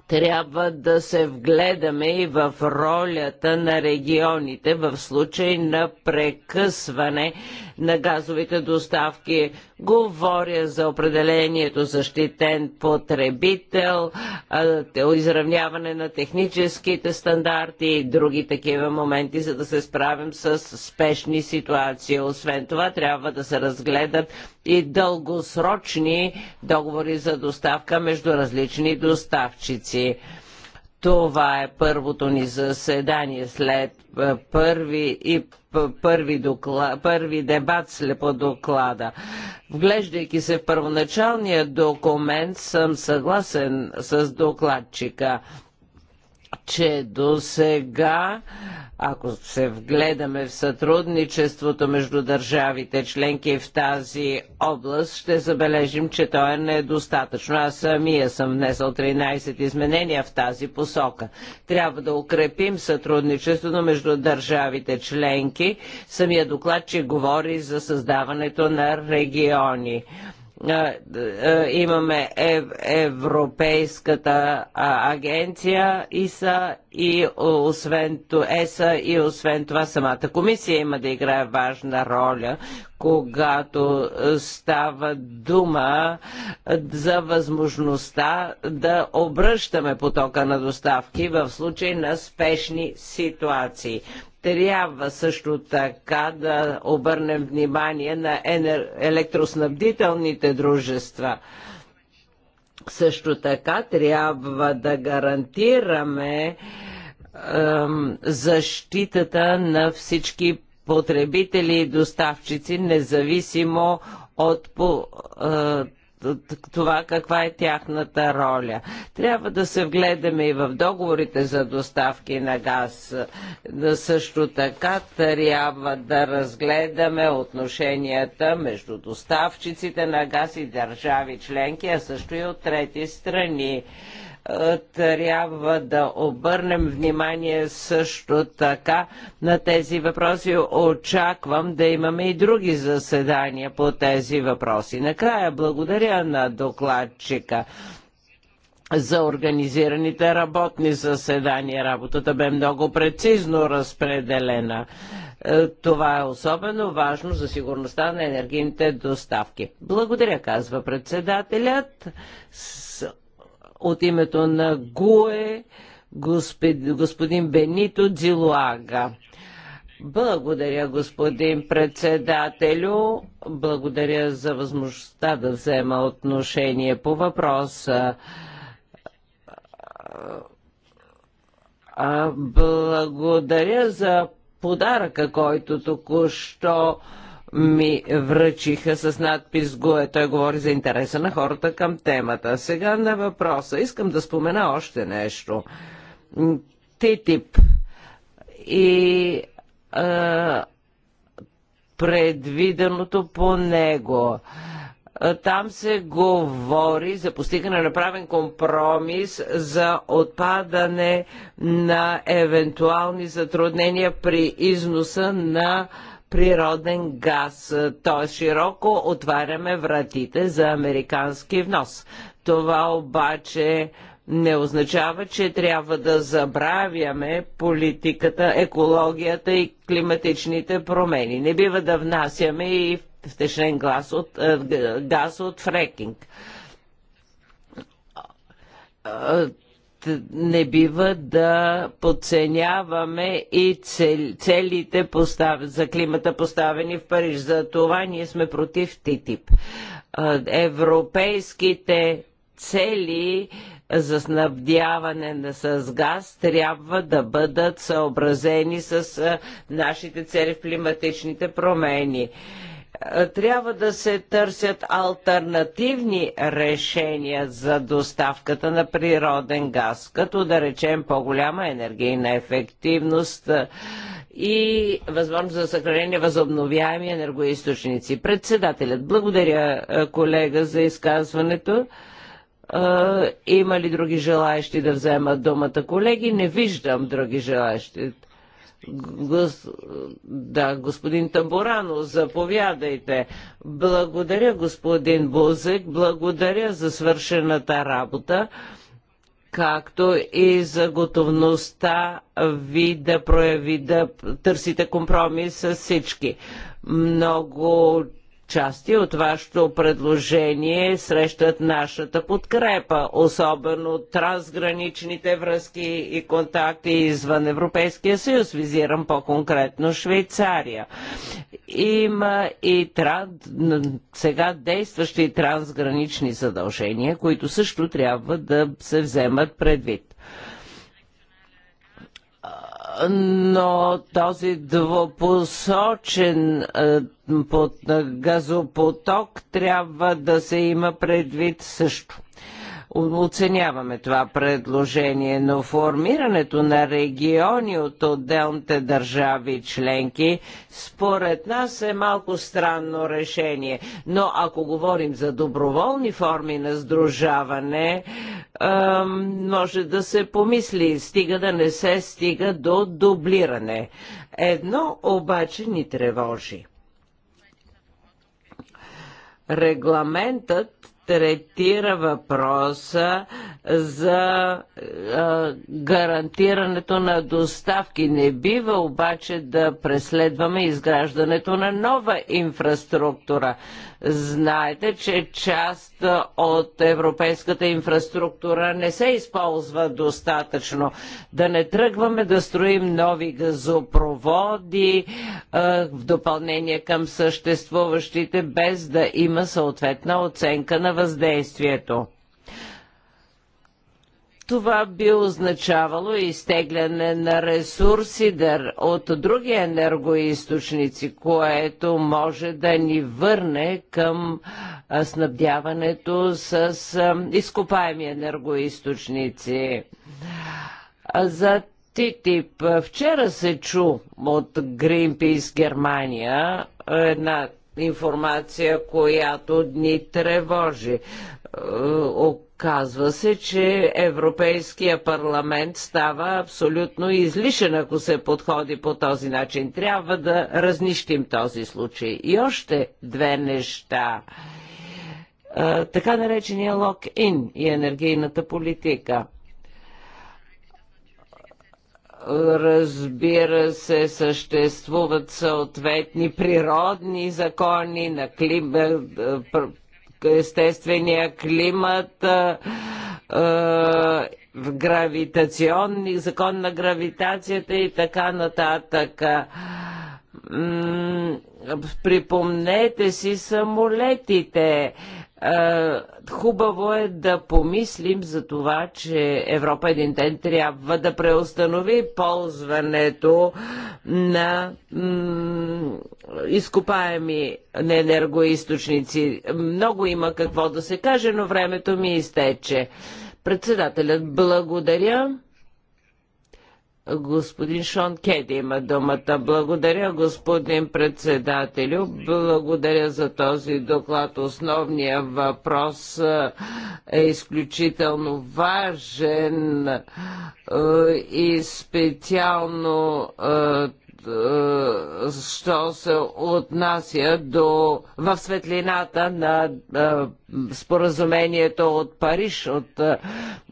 Speaker 3: трябва да се вгледаме и в ролята на регионите в случай на прекъсване на газовите доставки. Говоря за определението защитен потребител, изравняване на техническите стандарти и други такива моменти, за да се справим с спешни ситуации. Освен това, трябва да се разгледат и дългосрочни договори за доставка между различни доставчици. Това е първото ни заседание след е, първи и първи, доклад, първи дебат след по доклада. Вглеждайки се в първоначалния документ, съм съгласен с докладчика че до сега, ако се вгледаме в сътрудничеството между държавите членки в тази област, ще забележим, че то е недостатъчно. Аз самия съм внесъл 13 изменения в тази посока. Трябва да укрепим сътрудничеството между държавите членки. Самия доклад, че говори за създаването на региони. Е, е, имаме Европейската агенция ИСА и освен ЕСА и освен това самата комисия има да играе важна роля, когато става дума е, за възможността да обръщаме потока на доставки в случай на спешни ситуации. Трябва също така да обърнем внимание на електроснабдителните дружества. Също така трябва да гарантираме е, защитата на всички потребители и доставчици, независимо от по, е, това каква е тяхната роля. Трябва да се вгледаме и в договорите за доставки на газ. Да също така трябва да разгледаме отношенията между доставчиците на газ и държави членки, а също и от трети страни трябва да обърнем внимание също така на тези въпроси. Очаквам да имаме и други заседания по тези въпроси. Накрая благодаря на докладчика за организираните работни заседания. Работата бе много прецизно разпределена. Е, това е особено важно за сигурността на енергийните доставки. Благодаря, казва председателят. От името на ГУЕ господин Бенито Дзилуага. Благодаря, господин председателю. Благодаря за възможността да взема отношение по въпроса. Благодаря за подаръка, който току-що ми връчиха с надпис ГУЕ. Той говори за интереса на хората към темата. Сега на въпроса. Искам да спомена още нещо. ТИТИП и а, предвиденото по него там се говори за постигане на правен компромис за отпадане на евентуални затруднения при износа на природен газ. Т.е. широко отваряме вратите за американски внос. Това обаче не означава, че трябва да забравяме политиката, екологията и климатичните промени. Не бива да внасяме и втешен газ от, е, газ от фрекинг е, не бива да подценяваме и целите постав... за климата поставени в Париж. За това ние сме против ТИТИП. Европейските цели за снабдяване с газ трябва да бъдат съобразени с нашите цели в климатичните промени. Е, трябва да се търсят альтернативни решения за доставката на природен газ, като да речем по-голяма енергийна ефективност е, и възможност за съхранение възобновяеми енергоисточници. Председателят, благодаря е, колега за изказването. Има ли други желаящи да вземат думата, колеги? Не виждам други желаящи. Гос... Да, господин Тамбурано, заповядайте. Благодаря, господин Бузек, благодаря за свършената работа както и за готовността ви да прояви, да търсите компромис с всички. Много части от вашето предложение срещат нашата подкрепа, особено трансграничните връзки и контакти извън Европейския съюз, визирам по-конкретно Швейцария. Има и тран... сега действащи трансгранични задължения, които също трябва да се вземат предвид но този двупосочен е, под газопоток трябва да се има предвид също. Оценяваме това предложение, но формирането на региони от отделните държави членки според нас е малко странно решение. Но ако говорим за доброволни форми на сдружаване, може да се помисли, стига да не се стига до дублиране. Едно обаче ни тревожи. Регламентът третира въпроса за а, гарантирането на доставки. Не бива обаче да преследваме изграждането на нова инфраструктура. Знаете, че част от европейската инфраструктура не се използва достатъчно. Да не тръгваме да строим нови газопроводи е, в допълнение към съществуващите, без да има съответна оценка на въздействието. Това би означавало изтегляне на ресурси от други енергоисточници, което може да ни върне към снабдяването с изкопаеми енергоисточници. За ТТИП вчера се чу от Greenpeace Германия една информация, която ни тревожи. Е, оказва се, че Европейския парламент става абсолютно излишен, ако се подходи по този начин. Трябва да разнищим този случай. И още две неща. Е, така наречения лок-ин и енергийната политика разбира се, съществуват съответни природни закони на клим... Е, естествения климат, гравитационни, закон на гравитацията и така нататък. Припомнете си самолетите. Е, хубаво е да помислим за това, че Европа един ден трябва да преустанови ползването на изкопаеми на енергоисточници. Много има какво да се каже, но времето ми изтече. Председателят благодаря. Господин Шон Кеди има думата. Благодаря, господин председателю. Благодаря за този доклад. Основният въпрос е, е изключително важен е, и специално е, е, що се отнася до в светлината на е, споразумението от Париж от е,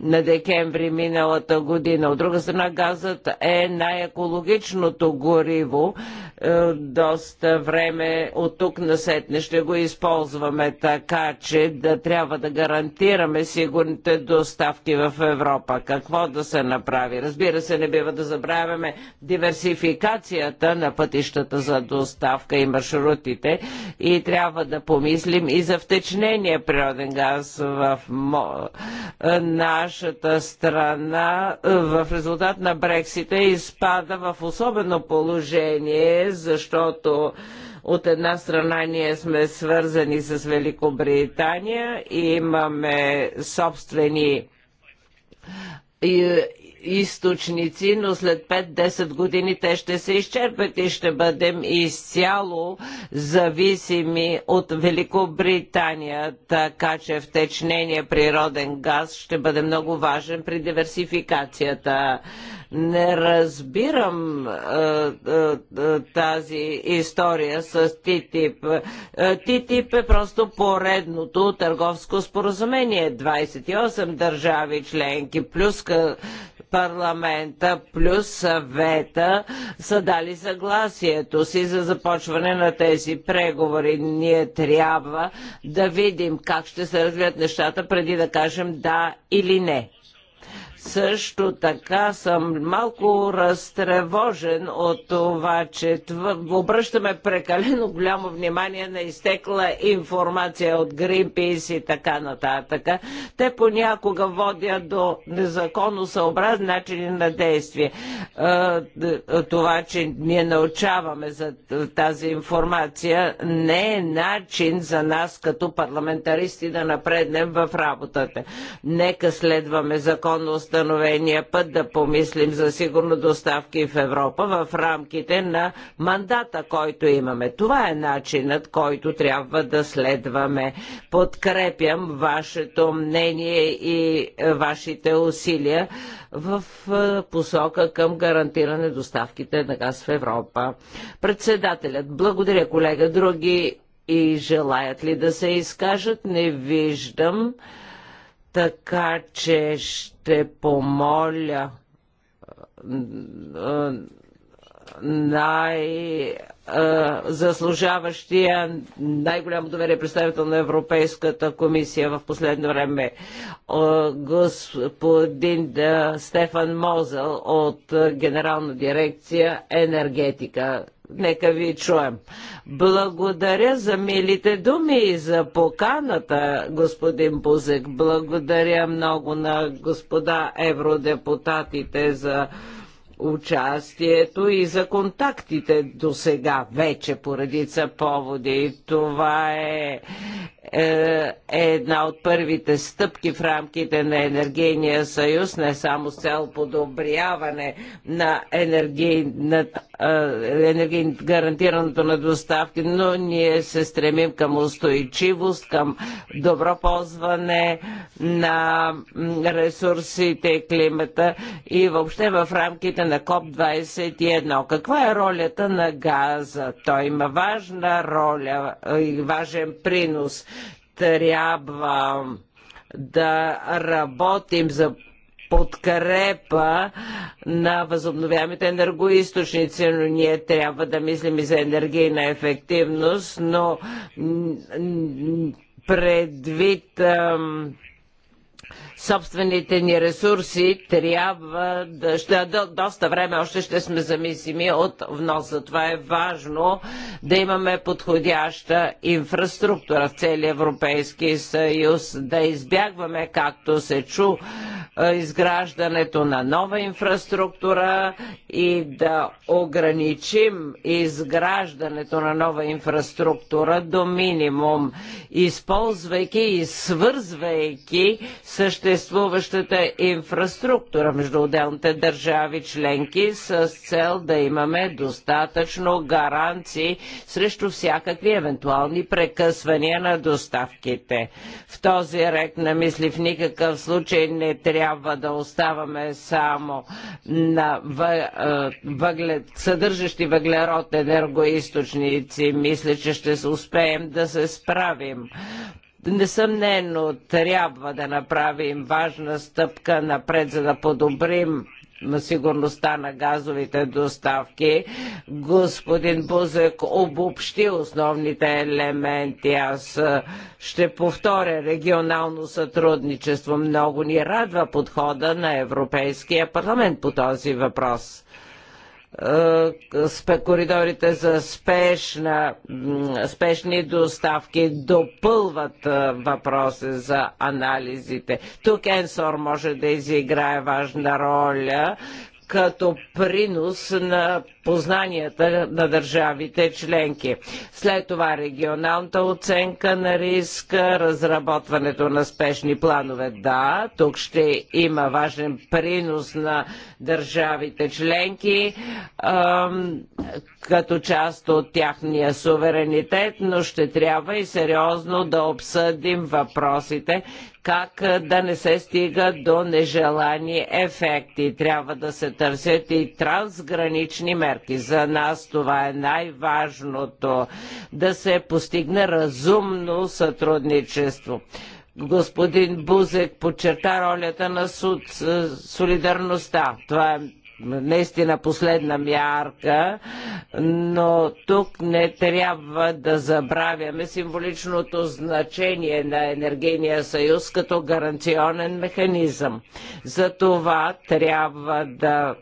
Speaker 3: на декември миналата година. От друга страна газът е най-екологичното гориво. Доста време от тук на сетне ще го използваме така, че да трябва да гарантираме сигурните доставки в Европа. Какво да се направи? Разбира се, не бива да забравяме диверсификация историята на пътищата за доставка и маршрутите и трябва да помислим и за втечнения природен газ в е, нашата страна е, в резултат на Брексита изпада в особено положение, защото от една страна ние сме свързани с Великобритания и имаме собствени източници, но след 5-10 години те ще се изчерпят и ще бъдем изцяло зависими от Великобритания, така че втечнения природен газ ще бъде много важен при диверсификацията. Не разбирам тази история с ТТИП. ТТИП е просто поредното търговско споразумение. 28 държави членки, плюс парламента, плюс съвета са дали съгласието си за започване на тези преговори. Ние трябва да видим как ще се развият нещата преди да кажем да или не. Също така съм малко разтревожен от това, че твър... обръщаме прекалено голямо внимание на изтекла информация от Greenpeace и така нататък. Те понякога водят до незаконосъобразни начини на действие. Това, че ние научаваме за тази информация, не е начин за нас като парламентаристи да напреднем в работата. Нека следваме законност установения път да помислим за сигурно доставки в Европа в рамките на мандата, който имаме. Това е начинът, който трябва да следваме. Подкрепям вашето мнение и е, вашите усилия в е, посока към гарантиране доставките на газ в Европа. Председателят, благодаря колега. Други и желаят ли да се изкажат? Не виждам. Така че ще помоля най-заслужаващия най-голямо доверие представител на Европейската комисия в последно време господин Стефан Мозел от Генерална дирекция енергетика Нека ви чуем. Благодаря за милите думи и за поканата, господин Бузек. Благодаря много на господа евродепутатите за участието и за контактите до сега вече поради поводи. Това е е, е една от първите стъпки в рамките на енергийния съюз, не само с цел подобряване на, енергий, на гарантирането на доставки, но ние се стремим към устойчивост, към добро ползване на ресурсите, климата и въобще в рамките на КОП-21. Каква е ролята на газа? Той има важна роля и важен принос трябва да работим за подкрепа на възобновяемите енергоисточници, но ние трябва да мислим и за енергийна ефективност, но предвид собствените ни ресурси трябва да... Ще, до, доста време още ще сме замисими от вноса. Това е важно да имаме подходяща инфраструктура в целия Европейски съюз, да избягваме, както се чу, изграждането на нова инфраструктура и да ограничим изграждането на нова инфраструктура до минимум, използвайки и свързвайки съществуващата инфраструктура между отделните държави членки с цел да имаме достатъчно гаранции срещу всякакви евентуални прекъсвания на доставките. В този ред на мисли в никакъв случай не трябва трябва да оставаме само на въглед, съдържащи въглерод енергоисточници. Мисля, че ще успеем да се справим. Несъмнено трябва да направим важна стъпка напред, за да подобрим на сигурността на газовите доставки. Господин Бузек обобщи основните елементи. Аз ще повторя регионално сътрудничество. Много ни радва подхода на Европейския парламент по този въпрос. Е, коридорите за спешна, спешни доставки допълват е, въпроси за анализите. Тук Енсор може да изиграе важна роля като принос на познанията на държавите членки. След това регионалната оценка на риска, разработването на спешни планове. Да, тук ще има важен принос на държавите членки като част от тяхния суверенитет, но ще трябва и сериозно да обсъдим въпросите, как да не се стига до нежелани ефекти. Трябва да се търсят и трансгранични мерки мерки. За нас това е най-важното да се постигне разумно сътрудничество. Господин Бузек подчерта ролята на суд, солидарността. Това е наистина последна мярка, но тук не трябва да забравяме символичното значение на енергийния съюз като гаранционен механизъм. За това трябва да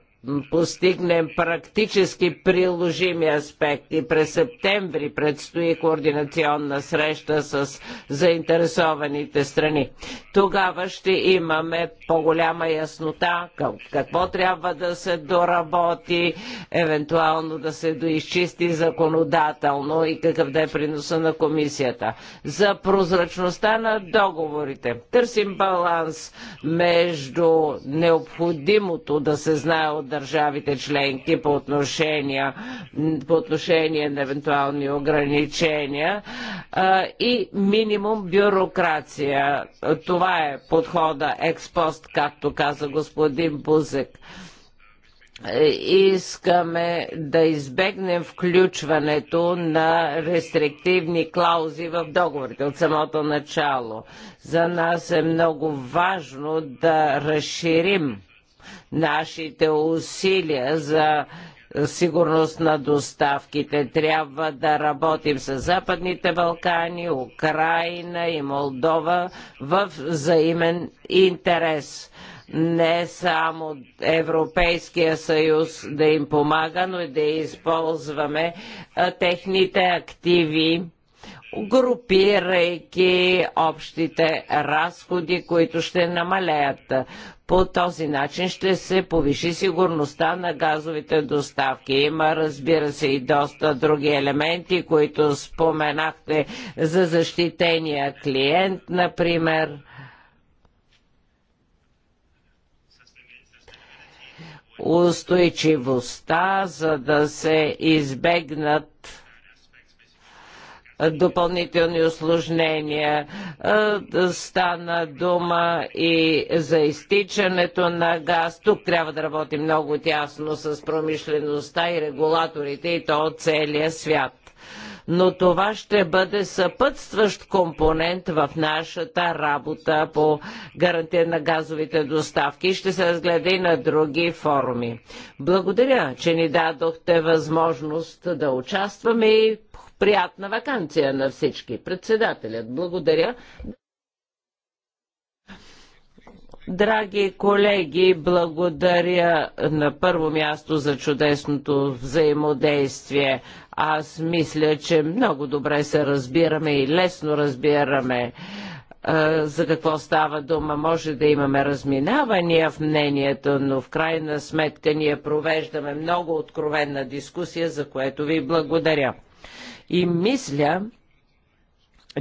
Speaker 3: постигнем практически приложими аспекти. През септември предстои координационна среща с заинтересованите страни. Тогава ще имаме по-голяма яснота какво трябва да се доработи, евентуално да се доизчисти законодателно и какъв да е приноса на комисията. За прозрачността на договорите. Търсим баланс между необходимото да се знае от държавите членки по отношение, по отношение на евентуални ограничения а, и минимум бюрокрация. Това е подхода експост, както каза господин Бузек искаме да избегнем включването на рестриктивни клаузи в договорите от самото начало. За нас е много важно да разширим Нашите усилия за сигурност на доставките. Трябва да работим с Западните Балкани, Украина и Молдова в взаимен интерес. Не само Европейския съюз да им помага, но и да използваме техните активи групирайки общите разходи, които ще намалеят. По този начин ще се повиши сигурността на газовите доставки. Има, разбира се, и доста други елементи, които споменахте за защитения клиент, например. устойчивостта, за да се избегнат допълнителни осложнения. Стана дума и за изтичането на газ. Тук трябва да работим много тясно с промишлеността и регулаторите и то от целия свят но това ще бъде съпътстващ компонент в нашата работа по гарантия на газовите доставки и ще се разгледа и на други форуми. Благодаря, че ни дадохте възможност да участваме и Приятна вакансия на всички. Председателят, благодаря. Драги колеги, благодаря на първо място за чудесното взаимодействие. Аз мисля, че много добре се разбираме и лесно разбираме е, за какво става дума. Може да имаме разминавания в мнението, но в крайна сметка ние провеждаме много откровенна дискусия, за което ви благодаря. И мисля,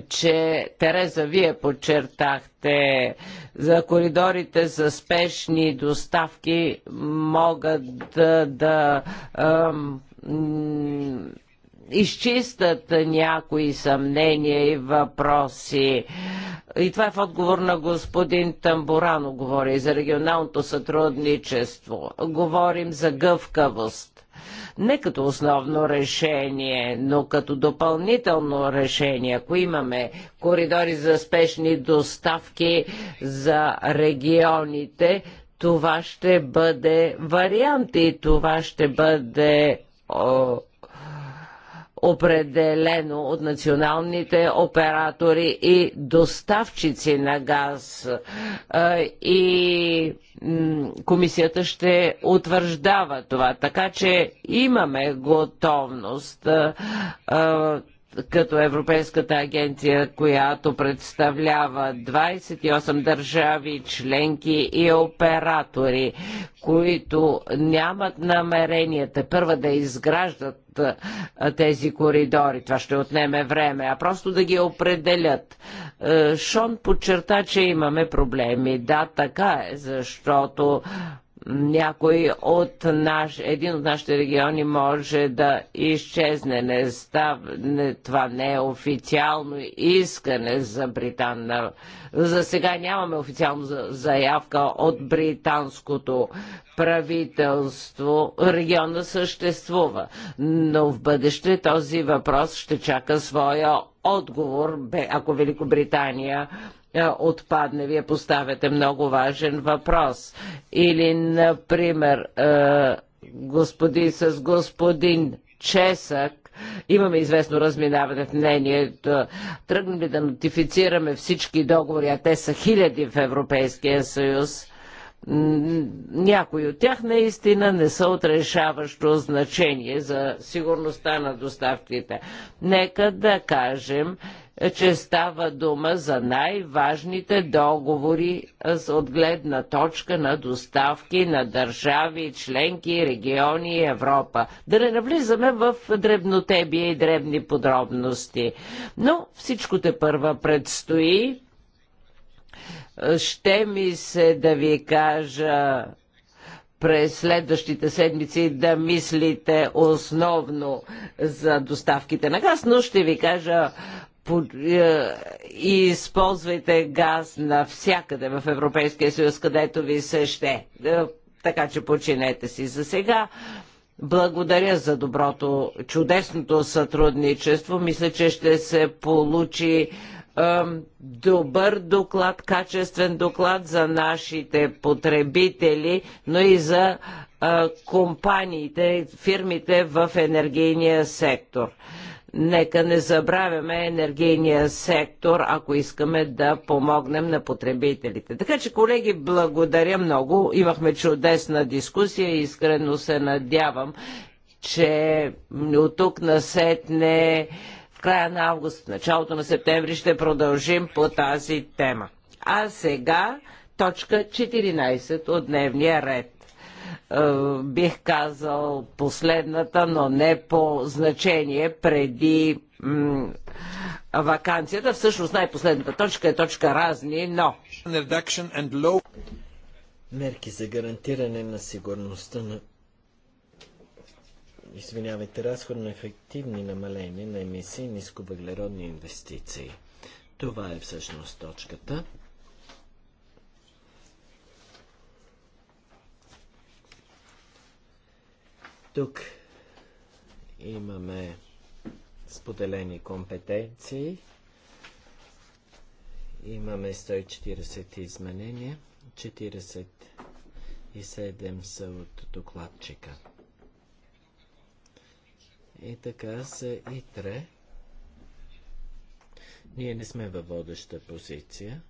Speaker 3: че Тереза, вие подчертахте за коридорите за спешни доставки могат да, да ам, изчистят някои съмнения и въпроси. И това е в отговор на господин Тамбурано, говори за регионалното сътрудничество. Говорим за гъвкавост не като основно решение, но като допълнително решение. Ако имаме коридори за спешни доставки за регионите, това ще бъде вариант и това ще бъде определено от националните оператори и доставчици на газ. И комисията ще утвърждава това. Така че имаме готовност като Европейската агенция, която представлява 28 държави, членки и оператори, които нямат намерение първа да изграждат тези коридори. Това ще отнеме време, а просто да ги определят. Шон подчерта, че имаме проблеми. Да, така е, защото някой от наш, един от нашите региони може да изчезне. Не став, не, това не е официално искане за Британна. За сега нямаме официална заявка от британското правителство, региона съществува, но в бъдеще този въпрос ще чака своя отговор, ако Великобритания отпадне. Вие поставяте много важен въпрос. Или, например, господин с господин Чесък имаме известно разминаване в мнението. Тръгнем ли да нотифицираме всички договори, а те са хиляди в Европейския съюз, някои от тях наистина не са отрешаващо значение за сигурността на доставките. Нека да кажем, че става дума за най-важните договори с отгледна точка на доставки на държави, членки, региони и Европа. Да не навлизаме в дребнотебие и дребни подробности. Но всичко те първа предстои ще ми се да ви кажа през следващите седмици да мислите основно за доставките на газ, но ще ви кажа и е, използвайте газ навсякъде в Европейския съюз, където ви се ще. Е, така че починете си за сега. Благодаря за доброто, чудесното сътрудничество. Мисля, че ще се получи добър доклад, качествен доклад за нашите потребители, но и за компаниите, фирмите в енергийния сектор. Нека не забравяме енергийния сектор, ако искаме да помогнем на потребителите. Така че, колеги, благодаря много. Имахме чудесна дискусия и искрено се надявам, че от тук насетне не края на август, началото на септември ще продължим по тази тема. А сега точка 14 от дневния ред. Е, бих казал последната, но не по значение преди вакансията. Всъщност най-последната точка е точка разни, но...
Speaker 2: Мерки за гарантиране на сигурността на извинявайте, разходно ефективни намаления на емисии и нисковъглеродни инвестиции. Това е всъщност точката. Тук имаме споделени компетенции. Имаме 140 изменения, 47 са от докладчика. И така и тре. ние не сме във водеща позиция,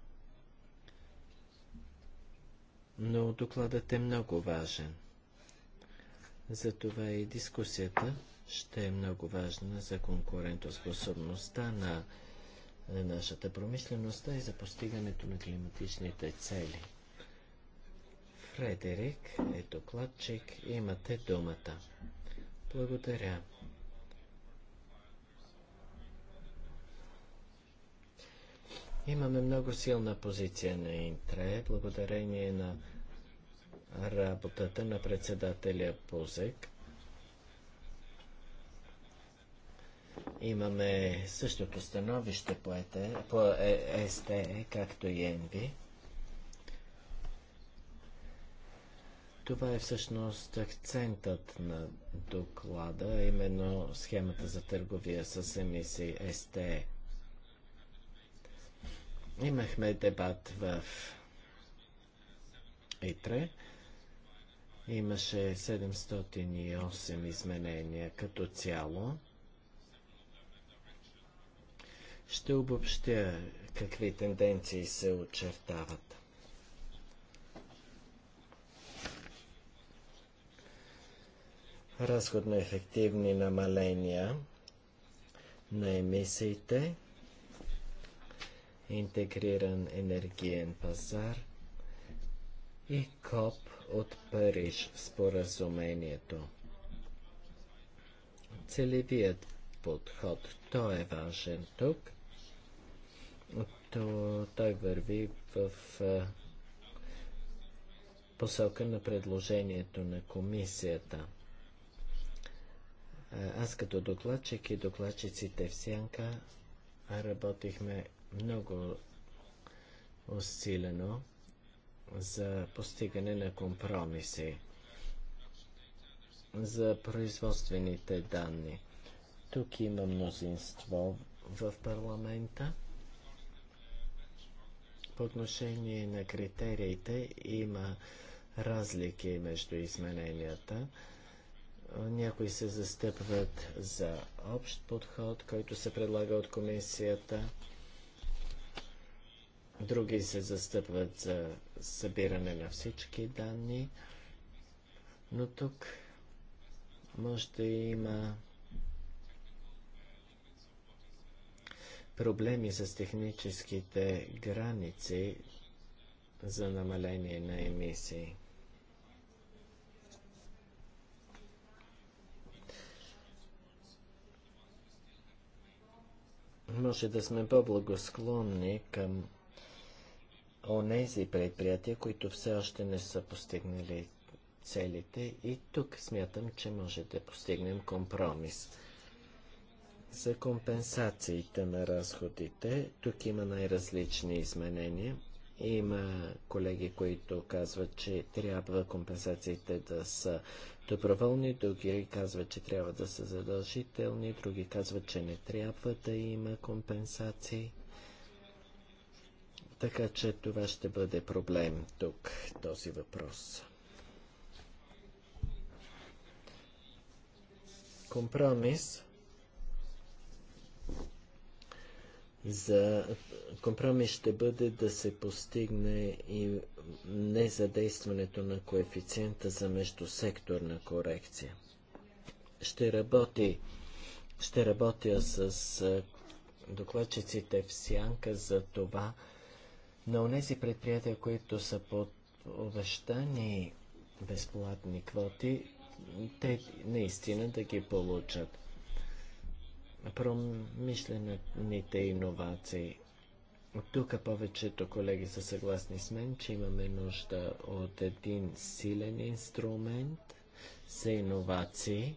Speaker 2: но докладът е много важен. Затова и дискусията ще е много важна за конкурентоспособността на нашата промишленост и за постигането на климатичните цели. Фредерик е докладчик, имате думата. Благодаря. Имаме много силна позиция на Интре, благодарение на работата на председателя Пузек. Имаме същото становище по, ете, по е, СТЕ, както и ЕНВИ. Това е всъщност акцентът на доклада, именно схемата за търговия с емисии СТЕ. Имахме дебат в ИТРЕ. Имаше 708 изменения като цяло. Ще обобщя какви тенденции се очертават. Разходно ефективни намаления на емисиите – интегриран енергиен пазар и КОП от Париж споразумението. Целевият подход, той е важен тук. То, той върви в посока на предложението на комисията. Аз като докладчик и докладчиците в Сянка работихме много усилено за постигане на компромиси за производствените данни. Тук има мнозинство в парламента. По отношение на критериите има разлики между измененията. Някои се застъпват за общ подход, който се предлага от комисията други се застъпват за събиране на всички данни, но тук може да има проблеми с техническите граници за намаление на емисии. Може да сме по-благосклонни към онези предприятия, които все още не са постигнали целите и тук смятам, че може да постигнем компромис. За компенсациите на разходите, тук има най-различни изменения. Има колеги, които казват, че трябва компенсациите да са доброволни, други казват, че трябва да са задължителни, други казват, че не трябва да има компенсации. Така че това ще бъде проблем тук, този въпрос. Компромис за компромис ще бъде да се постигне и не задействането на коефициента за междусекторна корекция. Ще работи ще работя с докладчиците в сянка за това на онези предприятия, които са под обещани безплатни квоти, те наистина да ги получат. Промишлените иновации. Тук повечето колеги са съгласни с мен, че имаме нужда от един силен инструмент за иновации.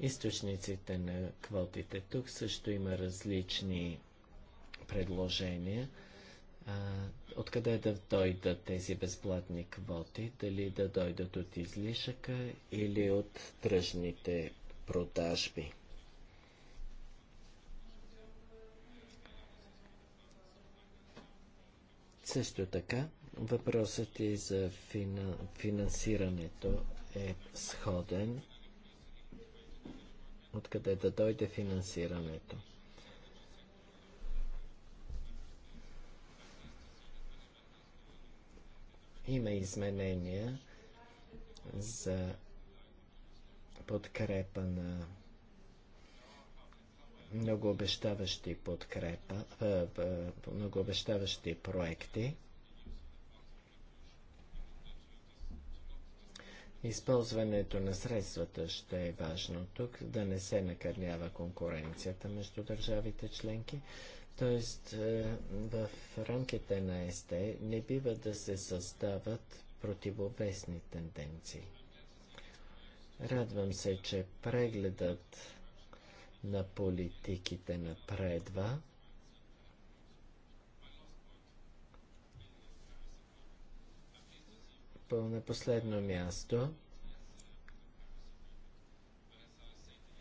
Speaker 2: Източниците на квотите. Тук също има различни предложения – откъде да дойдат тези безплатни квоти, дали да дойдат от излишъка или от тръжните продажби. Също така, въпросът и за фина... финансирането е сходен. Откъде да дойде финансирането? Има изменения за подкрепа на многообещаващи подкрепа, многообещаващи проекти. Използването на средствата ще е важно тук, да не се накърнява конкуренцията между държавите членки. Тоест, е, в рамките на СТ не бива да се създават противовесни тенденции. Радвам се, че прегледът на политиките напредва. на последно място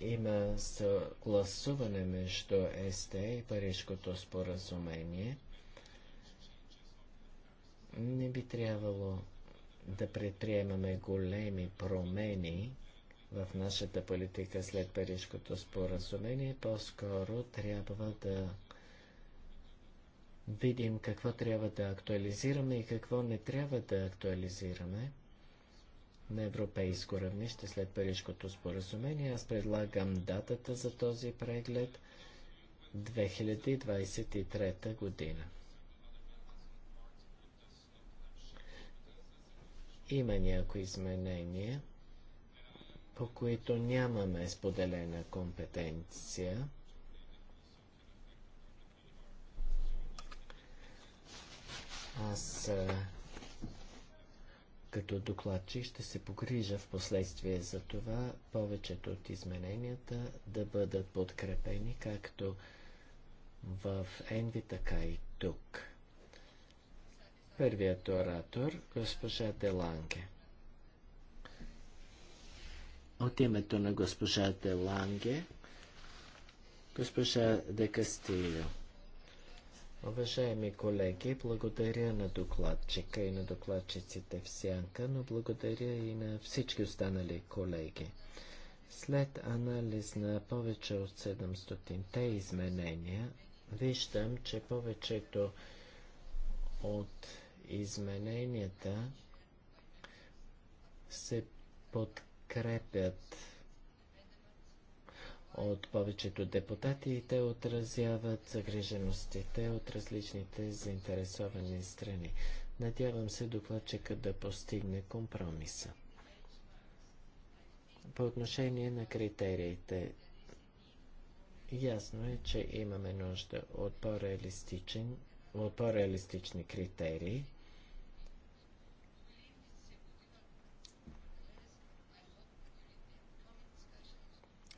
Speaker 2: има съгласуване между СТ и Парижкото споразумение. Не би трябвало да предприемаме големи промени в нашата политика след Парижкото споразумение. По-скоро трябва да видим какво трябва да актуализираме и какво не трябва да актуализираме на европейско равнище след Парижкото споразумение. Аз предлагам датата за този преглед 2023 година. Има някои изменения, по които нямаме споделена компетенция. Аз като докладчик ще се погрижа в последствие за това повечето от измененията да бъдат подкрепени както в Енви, така и тук. Първият оратор, госпожа Деланге. От името на госпожа Деланге, госпожа Де Уважаеми колеги, благодаря на докладчика и на докладчиците в Сянка, но благодаря и на всички останали колеги. След анализ на повече от 700-те изменения, виждам, че повечето от измененията се подкрепят от повечето депутати и те отразяват загриженостите от различните заинтересовани страни. Надявам се докладчика да постигне компромиса. По отношение на критериите, ясно е, че имаме нужда от по-реалистични по критерии.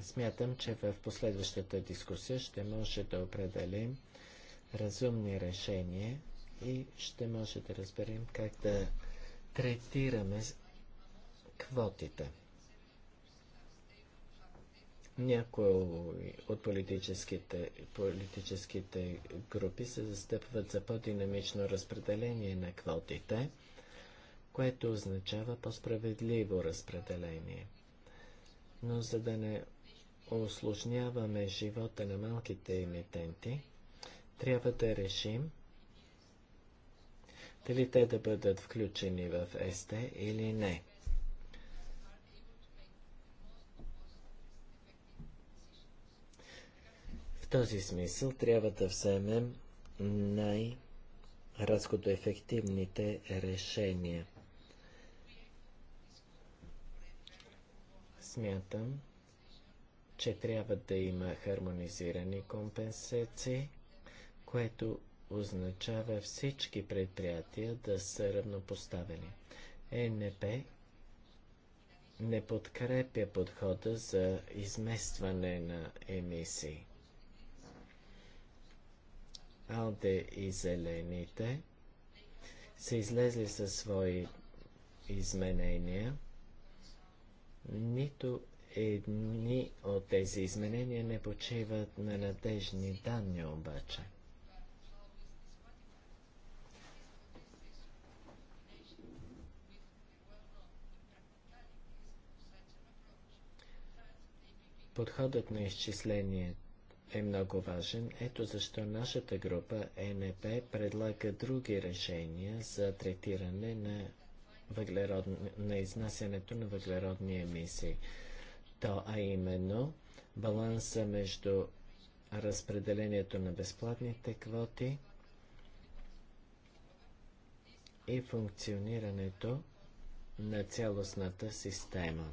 Speaker 2: Смятам, че в последващата дискусия ще може да определим разумни решения и ще може да разберем как да третираме квотите. Някои от политическите, политическите групи се застъпват за по-динамично разпределение на квотите, което означава по-справедливо разпределение. Но за да не осложняваме живота на малките емитенти, трябва да решим дали те да бъдат включени в СТ или не. В този смисъл трябва да вземем най-разходоефективните решения. Смятам, че трябва да има хармонизирани компенсации, което означава всички предприятия да са равнопоставени. Е НП не подкрепя подхода за изместване на емисии. Алде и Зелените са излезли със свои изменения. Нито едни от тези изменения не почиват на надежни данни обаче. Подходът на изчисление е много важен. Ето защо нашата група ЕНП предлага други решения за третиране на, на изнасянето на въглеродни емисии то, а именно баланса между разпределението на безплатните квоти и функционирането на цялостната система.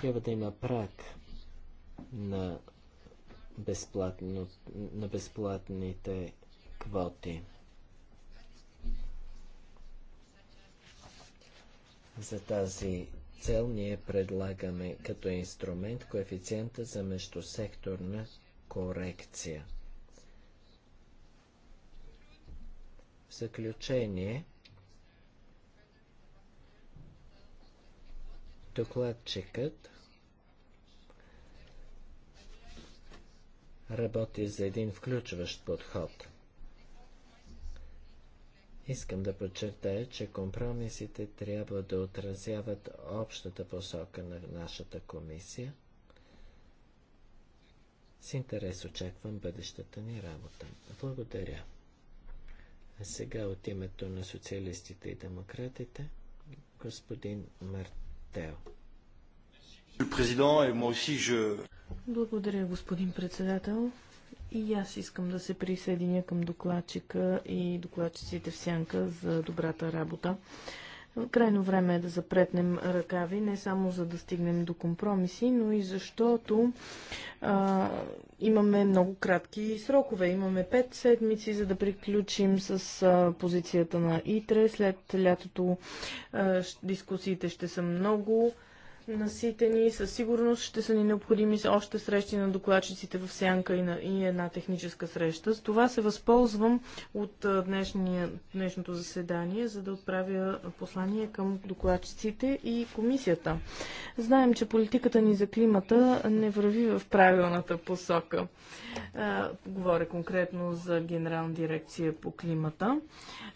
Speaker 2: Трябва да има прак на, безплатно, на безплатните квоти. За тази цел ние предлагаме като инструмент коефициента за междусекторна корекция. В заключение, докладчикът работи за един включващ подход – Искам да подчертая, че компромисите трябва да отразяват общата посока на нашата комисия. С интерес очаквам бъдещата ни работа. Благодаря. А сега от името на социалистите и демократите, господин Мартел.
Speaker 1: Благодаря, господин председател. И аз искам да се присъединя към докладчика и докладчиците в сянка за добрата работа. Крайно време е да запретнем ръкави, не само за да стигнем до компромиси, но и защото а, имаме много кратки срокове. Имаме 5 седмици, за да приключим с а, позицията на ИТРЕ. След лятото а, дискусиите ще са много наситени. Със сигурност ще са ни необходими още срещи на докладчиците в Сянка и, на, и една техническа среща. С това се възползвам от днешния, днешното заседание, за да отправя послание към докладчиците и комисията. Знаем, че политиката ни за климата не върви в правилната посока. А, говоря конкретно за Генерална дирекция по климата.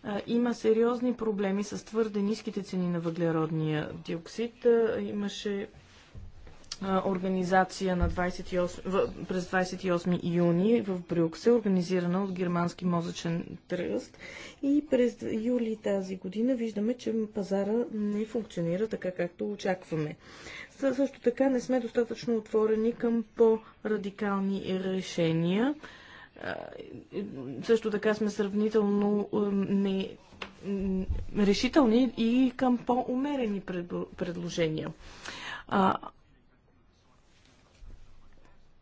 Speaker 1: А, има сериозни проблеми с твърде ниските цени на въглеродния диоксид. Имаше имаше организация на 28, през 28 юни в Брюксел, организирана от Германски мозъчен тръст. И през юли тази година виждаме, че пазара не функционира така, както очакваме. Също така не сме достатъчно отворени към по-радикални решения. Също така сме сравнително не, решителни и към по-умерени предложения.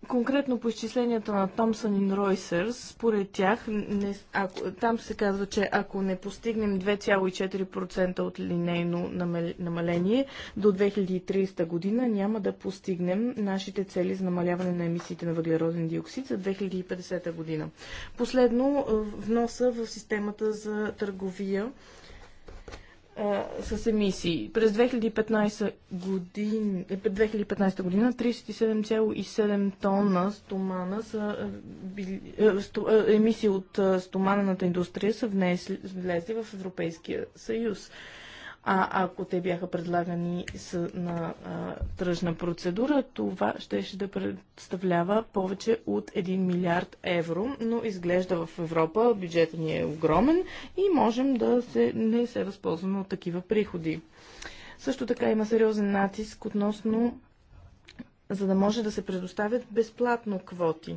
Speaker 1: Конкретно по изчисленията на Томсън и Ройсърс, според тях, не, ако, там се казва, че ако не постигнем 2,4% от линейно намаление до 2030 година, няма да постигнем нашите цели за намаляване на емисиите на въглероден диоксид за 2050 година. Последно, вноса в системата за търговия а, с емисии. През 2015 е, година, 2015 година 37,7 тона стомана са, а, сто, а, емисии от стоманената индустрия са внесли, влезли в Европейския съюз. А ако те бяха предлагани с, на а, тръжна процедура, това ще, ще да представлява повече от 1 милиард евро, но изглежда в Европа бюджетът ни е огромен и можем да се, не се възползваме от такива приходи. Също така има сериозен натиск относно за да може да се предоставят безплатно квоти.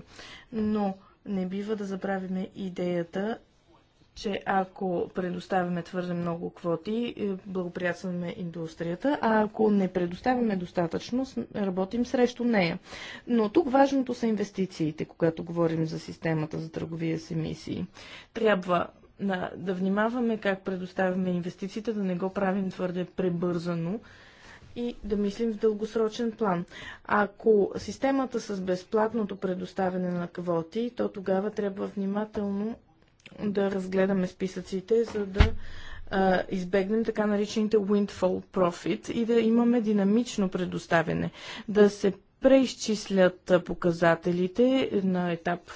Speaker 1: Но не бива да забравиме идеята, че ако предоставяме твърде много квоти, е, благоприятстваме индустрията, а ако не предоставяме достатъчно, работим срещу нея. Но тук важното са инвестициите, когато говорим за системата за търговия с емисии. Трябва на, да внимаваме как предоставяме инвестициите, да не го правим твърде пребързано, и да мислим в дългосрочен план. Ако системата с безплатното предоставяне на квоти, то тогава трябва внимателно да разгледаме списъците, за да а, избегнем така наречените windfall profit и да имаме динамично предоставяне. Да се преизчислят показателите на етап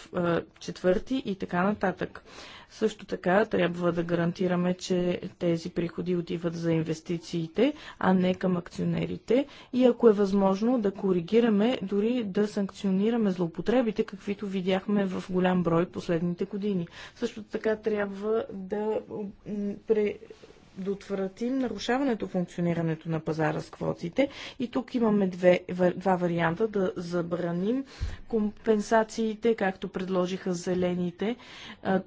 Speaker 1: четвърти и така нататък. Също така трябва да гарантираме, че тези приходи отиват за инвестициите, а не към акционерите и ако е възможно да коригираме, дори да санкционираме злоупотребите, каквито видяхме в голям брой последните години. Също така трябва да отвратим нарушаването функционирането на пазара с квотите. И тук имаме две, два варианта да забраним компенсациите, както предложиха зелените,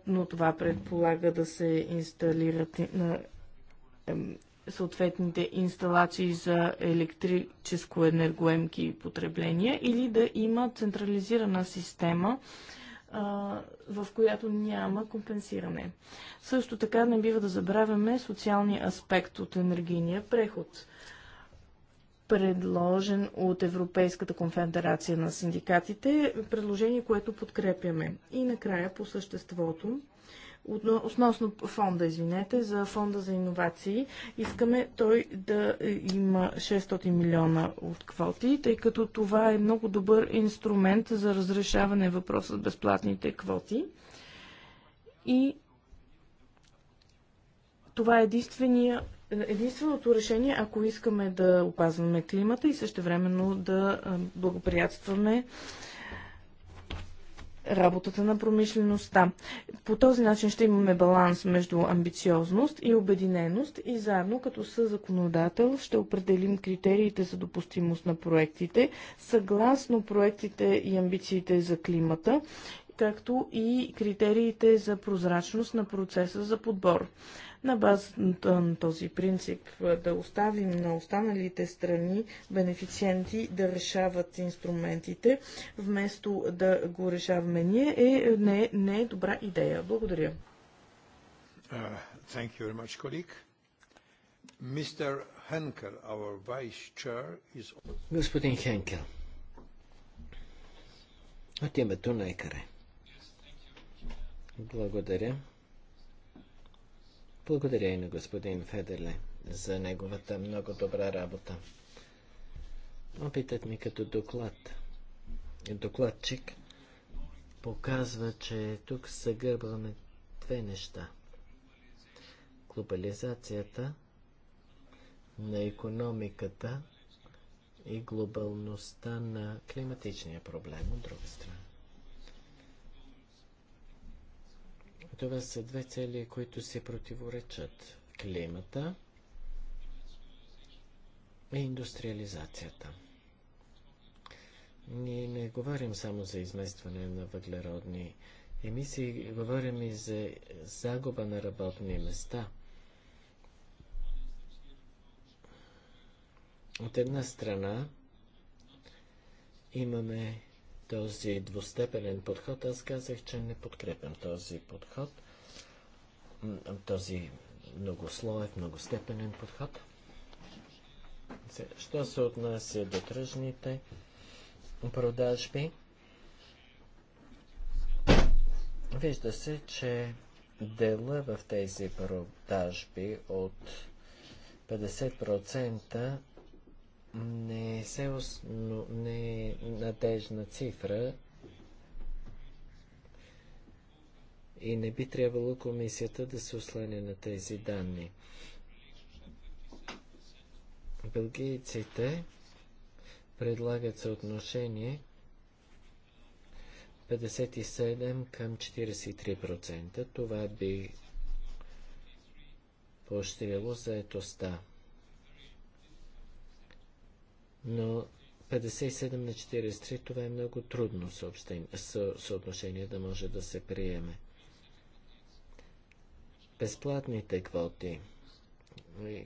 Speaker 1: но това предполага да се инсталират на съответните инсталации за електрическо енергоемки потребления или да има централизирана система в която няма компенсиране. Също така не бива да забравяме социалния аспект от енергийния преход, предложен от Европейската конфедерация на синдикатите, предложение, което подкрепяме. И накрая по съществото относно фонда, извинете, за фонда за иновации. Искаме той да е, има 600 милиона от квоти, тъй като това е много добър инструмент за разрешаване въпроса с безплатните квоти. И това е единствения единственото решение, ако искаме да опазваме климата и също времено да е, благоприятстваме работата на промишлеността. По този начин ще имаме баланс между амбициозност и обединеност и заедно като съзаконодател ще определим критериите за допустимост на проектите, съгласно проектите и амбициите за климата, както и критериите за прозрачност на процеса за подбор. На базата на този принцип е, да оставим на останалите страни бенефициенти да решават инструментите, вместо да го решаваме ние, е, не, не е добра идея. Благодаря. Uh, thank you very much, colleague. Mr. Henkel, our vice chair, is... Господин Хенкел,
Speaker 2: от името на екаре. Благодаря. Благодаря и на господин Федерле за неговата много добра работа. Опитът ми като доклад, докладчик показва, че тук съгърбваме две неща. Глобализацията на економиката и глобалността на климатичния проблем от друга страна. Това са две цели, които си противоречат климата и индустриализацията. Ние не говорим само за изместване на въглеродни емисии, говорим и за загуба на работни места. От една страна имаме този двустепенен подход. Аз казах, че не подкрепям този подход, този многослоев, многостепенен подход. Що се отнася до тръжните продажби? Вижда се, че дела в тези продажби от 50% не, е се но не е надежна цифра и не би трябвало комисията да се осланя на тези данни. Белгийците предлагат съотношение 57 към 43%. Това би поощрило заетостта но 57 на 43 това е много трудно съотношение да може да се приеме. Безплатните квоти,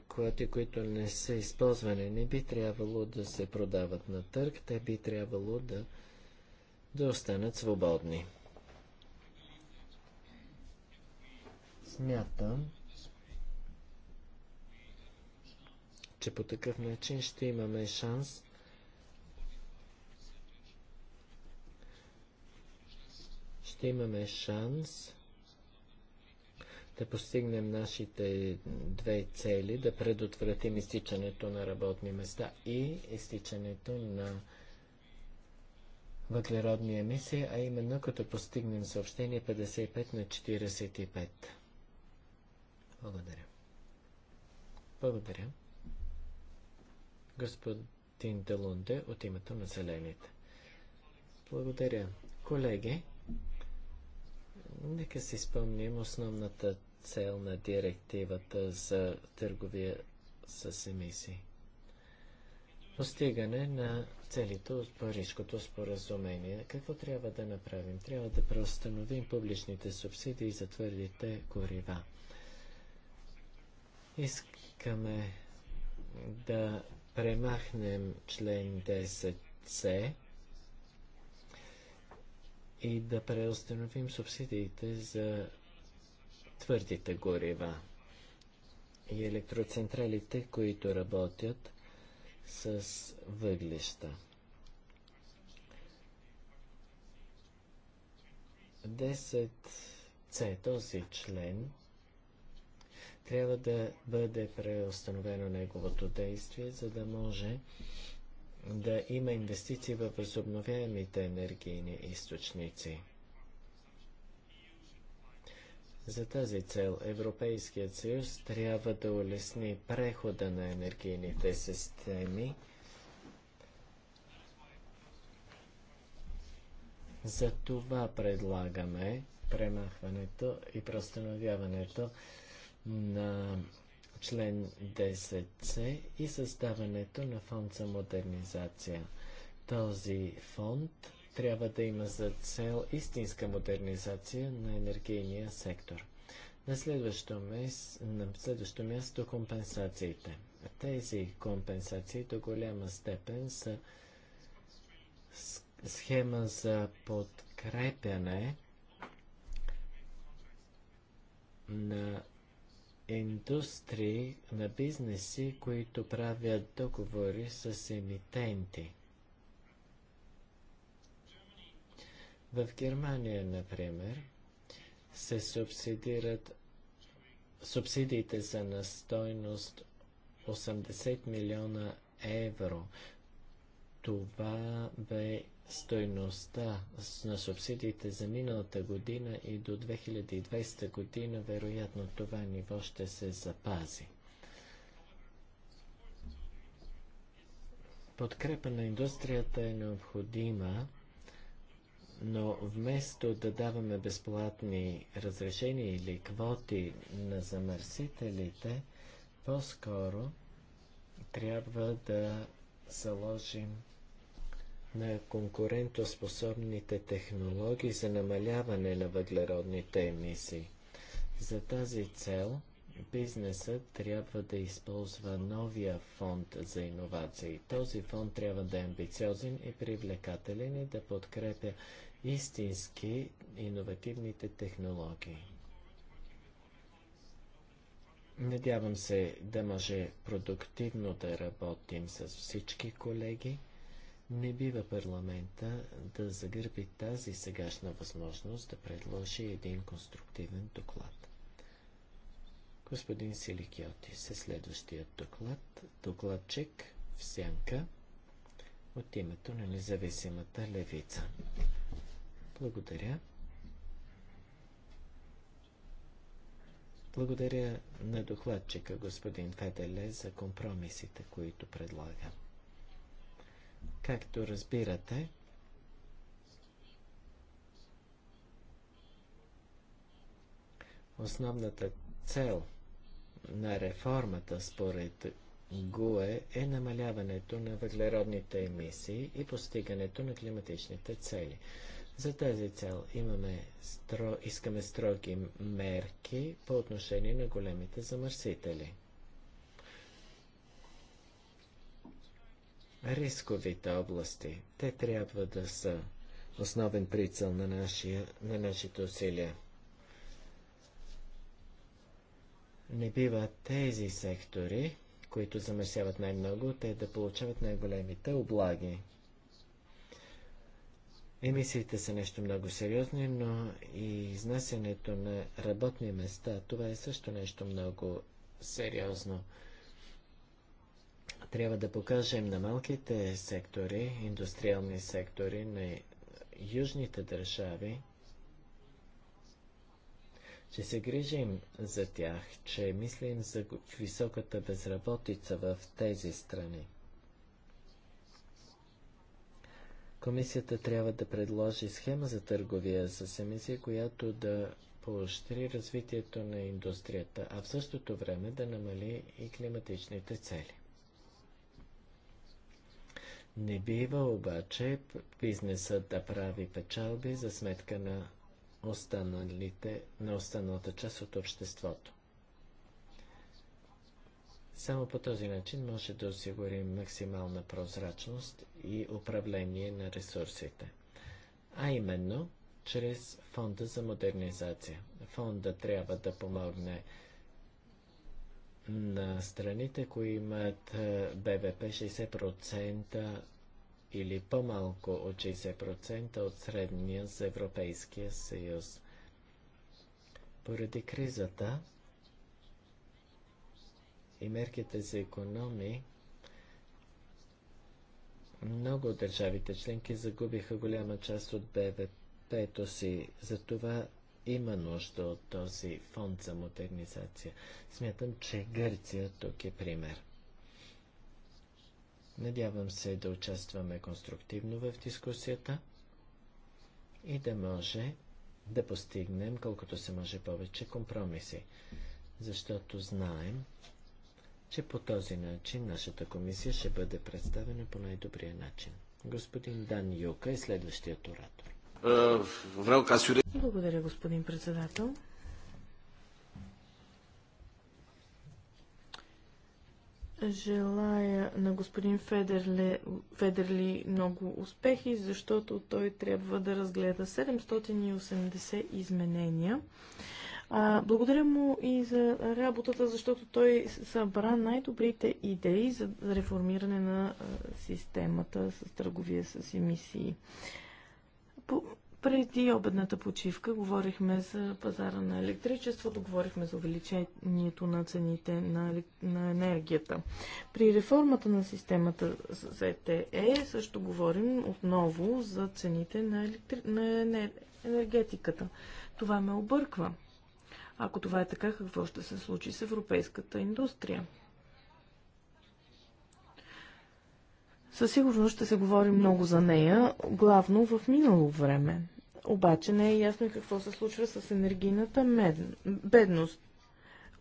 Speaker 2: квоти, които не са използвани, не би трябвало да се продават на търг, те би трябвало да, да останат свободни. Смятам, че по такъв начин ще имаме шанс ще имаме шанс да постигнем нашите две цели, да предотвратим изтичането на работни места и изтичането на въглеродни емисии, а именно като постигнем съобщение 55 на 45. Благодаря. Благодаря господин Делунде от името на Зелените. Благодаря. Колеги, нека си спомним основната цел на директивата за търговия с емисии. Постигане на целите от Парижското споразумение. Какво трябва да направим? Трябва да преустановим публичните субсидии за твърдите горива. Искаме да премахнем член 10c и да преустановим субсидиите за твърдите горива и електроцентралите, които работят с въглища. 10c, този член трябва да бъде преустановено неговото действие, за да може да има инвестиции в възобновяемите енергийни източници. За тази цел Европейският съюз трябва да улесни прехода на енергийните системи За това предлагаме премахването и простановяването на член 10c и създаването на фонд за модернизация. Този фонд трябва да има за цел истинска модернизация на енергийния сектор. На следващо, мес... на следващо място компенсациите. Тези компенсации до голяма степен са схема за подкрепяне на индустрии, на бизнеси, които правят договори с емитенти. В Германия, например, се субсидират субсидиите са на стойност 80 милиона евро. Това бе стойността на субсидиите за миналата година и до 2020 година, вероятно това ниво ще се запази. Подкрепа на индустрията е необходима, но вместо да даваме безплатни разрешения или квоти на замърсителите, по-скоро трябва да заложим на конкурентоспособните технологии за намаляване на въглеродните емисии. За тази цел бизнесът трябва да използва новия фонд за иновации. Този фонд трябва да е амбициозен и привлекателен и да подкрепя истински иновативните технологии. Надявам се да може продуктивно да работим с всички колеги. Не бива парламента да загърби тази сегашна възможност да предложи един конструктивен доклад. Господин Силикиоти се следващият доклад, докладчик в сянка от името на независимата левица. Благодаря. Благодаря на докладчика господин Феделе за компромисите, които предлагам. Както разбирате, основната цел на реформата според ГУЕ е намаляването на въглеродните емисии и постигането на климатичните цели. За тази цел имаме стро... искаме строги мерки по отношение на големите замърсители. рисковите области. Те трябва да са основен прицел на, нашия, на нашите усилия. Не бива тези сектори, които замърсяват най-много, те да получават най-големите облаги. Емисиите са нещо много сериозни, но и изнасянето на работни места, това е също нещо много сериозно. Трябва да покажем на малките сектори, индустриални сектори на южните държави, че се грижим за тях, че мислим за високата безработица в тези страни. Комисията трябва да предложи схема за търговия с емисии, която да поощри развитието на индустрията, а в същото време да намали и климатичните цели. Не бива обаче бизнесът да прави печалби за сметка на останалите, на останалата част от обществото. Само по този начин може да осигурим максимална прозрачност и управление на ресурсите. А именно, чрез фонда за модернизация. Фонда трябва да помогне на страните, които имат БВП 60% или по-малко от 60% от средния за Европейския съюз. Поради кризата и мерките за економии, много от държавите членки загубиха голяма част от БВП-то си. Затова има нужда от този фонд за модернизация. Смятам, че Гърция тук е пример. Надявам се да участваме конструктивно в дискусията и да може да постигнем колкото се може повече компромиси, защото знаем, че по този начин нашата комисия ще бъде представена по най-добрия начин. Господин Дан Юка е следващият оратор.
Speaker 3: Vreau ca
Speaker 1: Благодаря, господин председател. Желая на господин Федерле, Федерли много успехи, защото той трябва да разгледа 780 изменения. А, благодаря му и за работата, защото той събра най-добрите идеи за реформиране на системата с търговия с емисии. По, преди обедната почивка говорихме за пазара на електричеството, говорихме за увеличението на цените на, на енергията. При реформата на системата за ЕТЕ също говорим отново за цените на, електри... на енергетиката. Това ме обърква. Ако това е така, какво ще се случи с европейската индустрия? Със сигурност ще се говори много за нея, главно в минало време. Обаче не е ясно и какво се случва с енергийната бедност.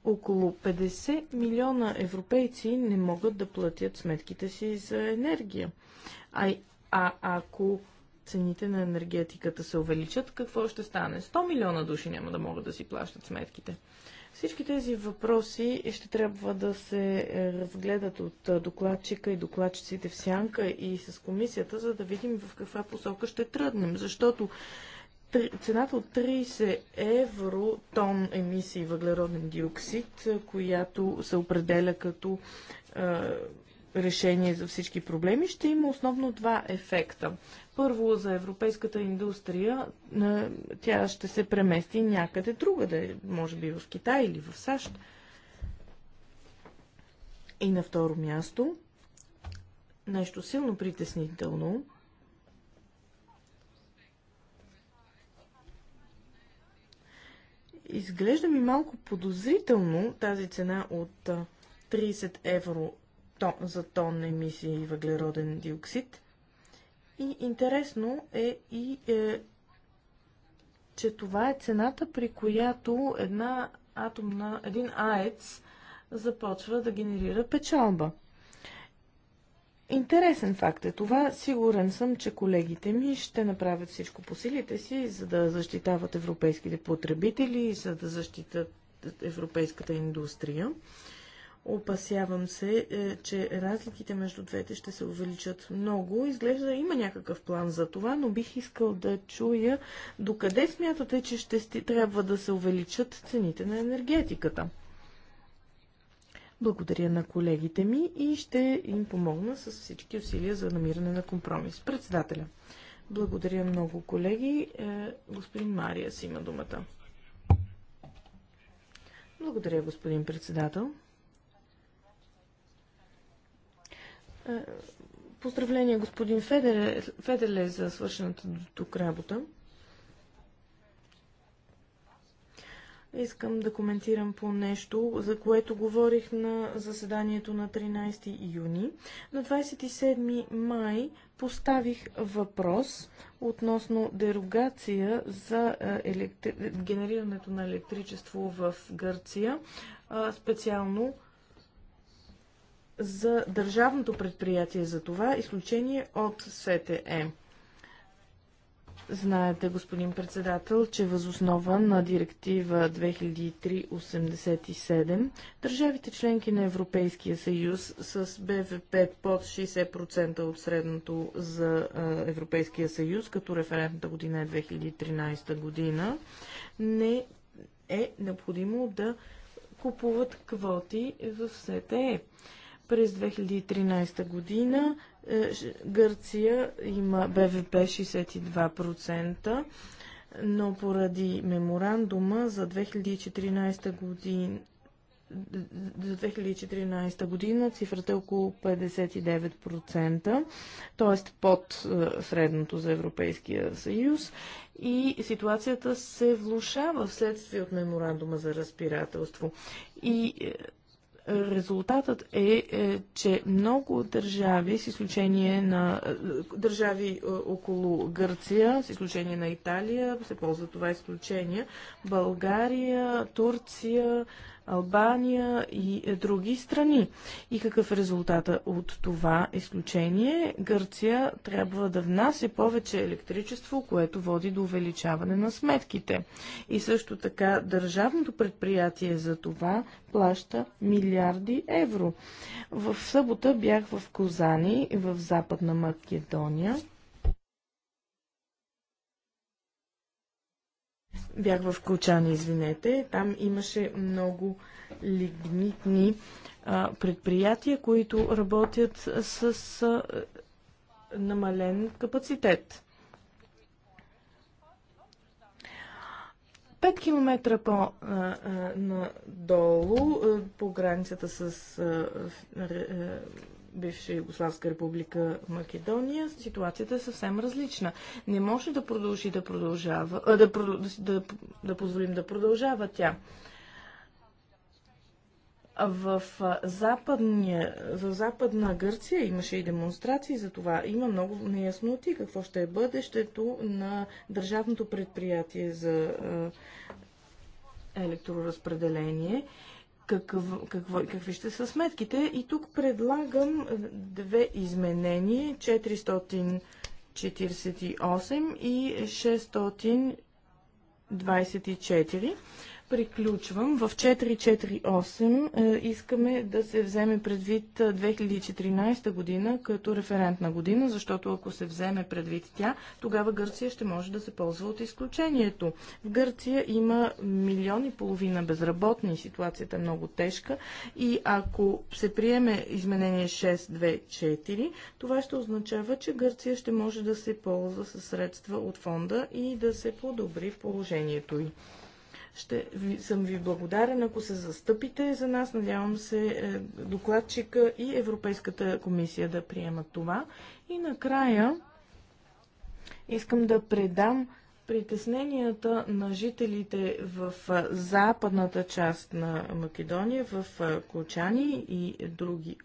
Speaker 1: Около 50 милиона европейци не могат да платят сметките си за енергия. А, а ако цените на енергетиката се увеличат, какво ще стане? 100 милиона души няма да могат да си плащат сметките. Всички тези въпроси ще трябва да се е, разгледат от е, докладчика и докладчиците в сянка и с комисията, за да видим в каква посока ще тръгнем. Защото цената от 30 евро тон емисии въглероден диоксид, е, която се определя като решение за всички проблеми, ще има основно два ефекта. Първо за европейската индустрия, е, тя ще се премести някъде другаде, може би в Китай или в САЩ. И на второ място, нещо силно притеснително, изглежда ми малко подозрително тази цена от 30 е, евро за тон емисии въглероден диоксид, и интересно е и е, че това е цената, при която една атомна, един АЕЦ започва да генерира печалба. Интересен факт е това. Сигурен съм, че колегите ми ще направят всичко по силите си, за да защитават европейските потребители, за да защитат европейската индустрия. Опасявам се, е, че разликите между двете ще се увеличат много. Изглежда има някакъв план за това, но бих искал да чуя докъде смятате, че ще трябва да се увеличат цените на енергетиката. Благодаря на колегите ми и ще им помогна с всички усилия за намиране на компромис. Председателя. Благодаря много, колеги. Е, господин Мария си има думата. Благодаря, господин председател. Е, поздравления господин Феделе за свършената до тук работа. Искам да коментирам по нещо, за което говорих на заседанието на 13 юни. На 27 май поставих въпрос относно дерогация за е, електри... генерирането на електричество в Гърция, специално за държавното предприятие за това изключение от СТЕ. Знаете, господин председател, че възоснова на директива 2003-87 държавите членки на Европейския съюз с БВП под 60% от средното за Европейския съюз, като референтната година е 2013 година, не е необходимо да купуват квоти в СТЕ. През 2013 година е, Гърция има БВП 62%, но поради меморандума за 2014 година за 2014 година цифрата е около 59%, т.е. под е, средното за Европейския съюз. И ситуацията се влушава вследствие от меморандума за разбирателство. И е, Резултатът е, е, че много държави, с изключение на е, държави е, около Гърция, с изключение на Италия, се ползва това изключение, България, Турция, Албания и е, други страни. И какъв е резултата от това изключение? Гърция трябва да внася повече електричество, което води до увеличаване на сметките. И също така държавното предприятие за това плаща милиарди евро. В събота бях в Козани, в Западна Македония. Бях в Колчани, извинете. Там имаше много лигнитни а, предприятия, които работят с а, намален капацитет. 5 км по-надолу, по границата с бивша Югославска република Македония, ситуацията е съвсем различна. Не може да продължи да продължава, а, да, да, да позволим да продължава тя. В, западния, в западна Гърция имаше и демонстрации за това. Има много неясноти какво ще е бъдещето на държавното предприятие за електроразпределение какъв, какво, какви ще са сметките. И тук предлагам е, две изменения 448 и 624 приключвам. В 448 е, искаме да се вземе предвид 2014 е, година като референтна година, защото ако се вземе предвид тя, тогава Гърция ще може да се ползва от изключението. В Гърция има милиони и половина безработни, ситуацията е много тежка и ако се приеме изменение 624, това ще означава, че Гърция ще може да се ползва със средства от фонда и да се подобри положението й. Ще ви, съм ви благодарен, ако се застъпите за нас. Надявам се е, докладчика и Европейската комисия да приемат това. И накрая искам да предам притесненията на жителите в е, западната част на Македония, в е, Кочани и други,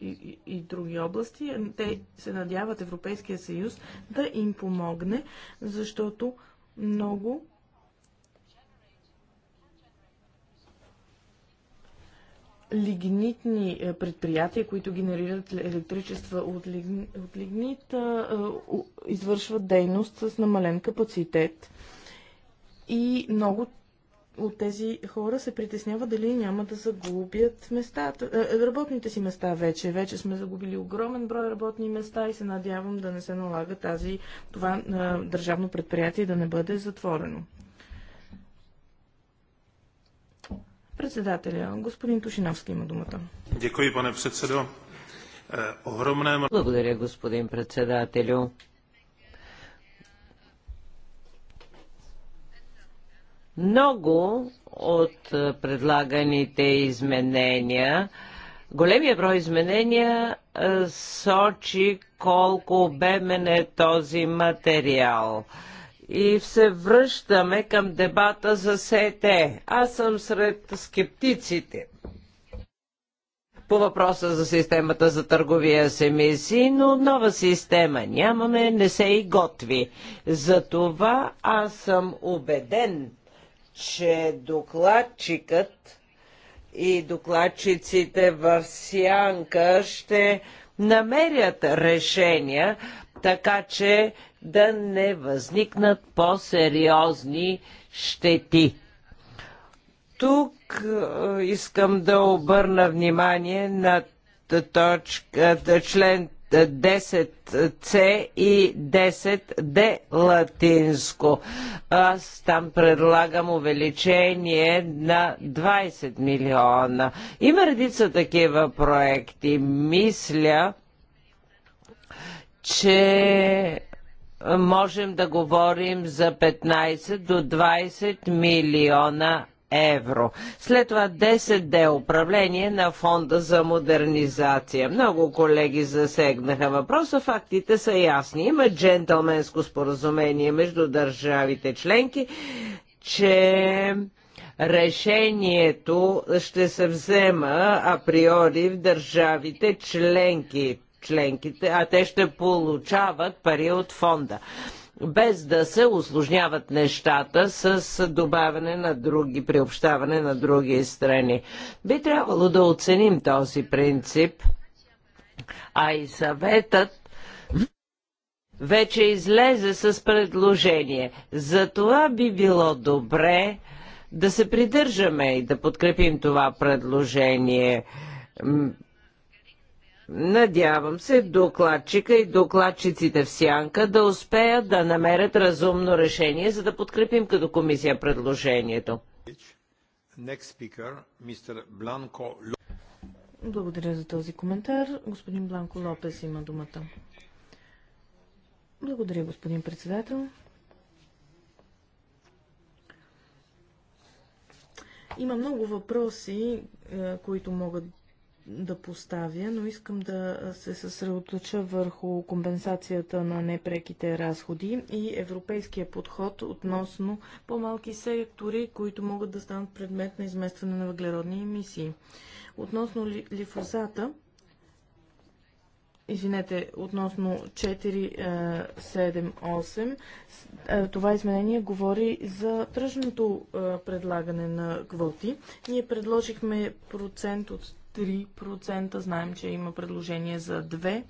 Speaker 1: и, и, и други области. Те се надяват Европейския съюз да им помогне, защото много лигнитни е, предприятия, които генерират електричества от, лигни, от лигнит, извършват дейност с намален капацитет. И много от тези хора се притесняват дали няма да загубят местата, е, е, работните си места вече. Вече сме загубили огромен брой работни места и се надявам да не се налага тази, това държавно предприятие да не бъде затворено. Председателя, господин Тушиновски има думата.
Speaker 3: Дякую, пане председо. Огромна... Благодаря, господин председателю. Много от предлаганите изменения Големия брой изменения е, сочи колко обемен е този материал и се връщаме към дебата за СЕТЕ. Аз съм сред скептиците по въпроса за системата за търговия с емисии, но нова система нямаме, не се и готви. Затова аз съм убеден, че докладчикът и докладчиците в Сянка ще намерят решения така че да не възникнат по-сериозни щети. Тук е, искам да обърна внимание на точка, член 10C е, и 10D латинско. Аз там предлагам увеличение на 20 милиона. Има редица такива проекти. Мисля, че можем да говорим за 15 до 20 милиона евро. След това 10 де управление на фонда за модернизация. Много колеги засегнаха въпроса. Фактите са ясни. Има джентълменско споразумение между държавите членки, че решението ще се взема априори в държавите членки членките, а те ще получават пари от фонда без да се осложняват нещата с добавяне на други, приобщаване на други страни. Би трябвало да оценим този принцип, а и съветът вече излезе с предложение. За това би било добре да се придържаме и да подкрепим това предложение Надявам се докладчика и докладчиците в сянка да успеят да намерят разумно решение, за да подкрепим като комисия предложението. Благодаря
Speaker 1: за този коментар. Господин Бланко Лопес има думата. Благодаря, господин председател. Има много въпроси, е, които могат да поставя, но искам да се съсредоточа върху компенсацията на непреките разходи и европейския подход относно по-малки сектори, които могат да станат предмет на изместване на въглеродни емисии. Относно лифозата, извинете, относно 478, е, е, това изменение говори за тръжното е, предлагане на квоти. Ние предложихме процент от 3%. Знаем, че има предложение за 2%.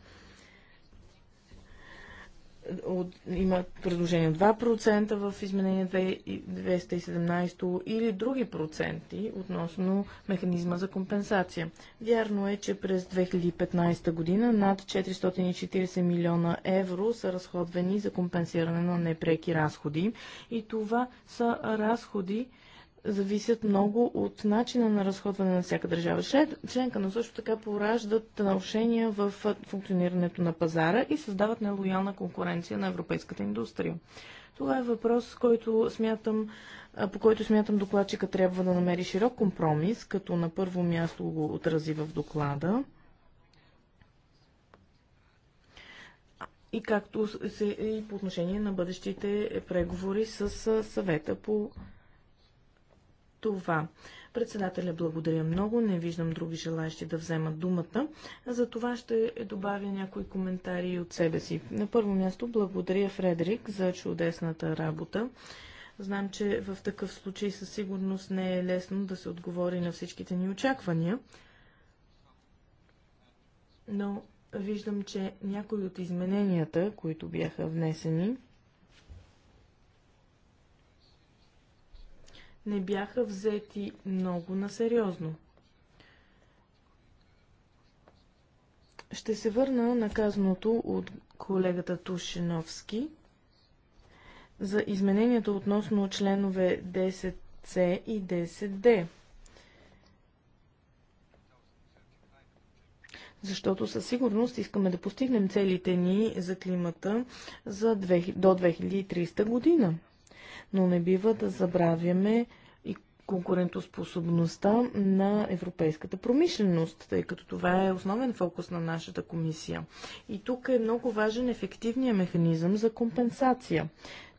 Speaker 1: От, има предложение от 2% в изменение 217 или други проценти относно механизма за компенсация. Вярно е, че през 2015 година над 440 милиона евро са разходвани за компенсиране на непреки разходи и това са разходи, зависят много от начина на разходване на всяка държава членка, но също така пораждат нарушения в функционирането на пазара и създават нелоялна конкуренция на европейската индустрия. Това е въпрос, който смятам, по който смятам докладчика трябва да намери широк компромис, като на първо място го отрази в доклада. И както се и по отношение на бъдещите преговори с съвета по това. Председателя благодаря много, не виждам други желаящи да вземат думата. За това ще добавя някои коментари от себе си. На първо място благодаря Фредерик за чудесната работа. Знам, че в такъв случай със сигурност не е лесно да се отговори на всичките ни очаквания, но виждам, че някои от измененията, които бяха внесени, не бяха взети много насериозно. Ще се върна на казаното от колегата Тушиновски за измененията относно членове 10C и 10D. Защото със сигурност искаме да постигнем целите ни за климата за 2000, до 2300 година но не бива да забравяме и конкурентоспособността на европейската промишленост, тъй като това е основен фокус на нашата комисия. И тук е много важен ефективният механизъм за компенсация.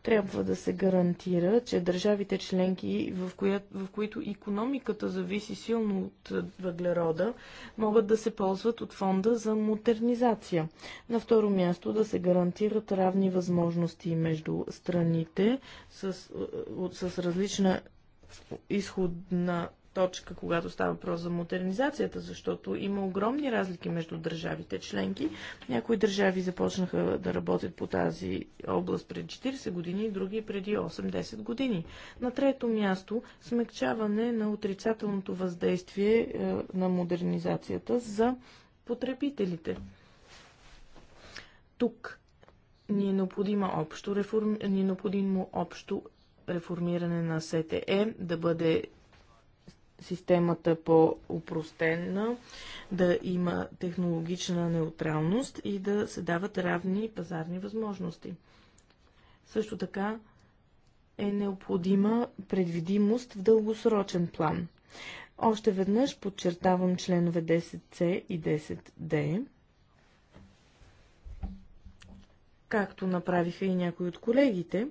Speaker 1: Трябва да се гарантира, че държавите членки, в, коя, в които економиката зависи силно от въглерода, могат да се ползват от фонда за модернизация. На второ място да се гарантират равни възможности между страните с, с различна изходна точка, когато става въпрос за модернизацията, защото има огромни разлики между държавите членки. Някои държави започнаха да работят по тази област преди 40 години, други преди 8-10 години. На трето място смягчаване на отрицателното въздействие е, на модернизацията за потребителите. Тук ни е необходимо общо, реформ... ни е необходимо общо реформиране на СТЕ, да бъде системата по-упростена, да има технологична неутралност и да се дават равни пазарни възможности. Също така е необходима предвидимост в дългосрочен план. Още веднъж подчертавам членове 10c и 10d, както направиха и някои от колегите,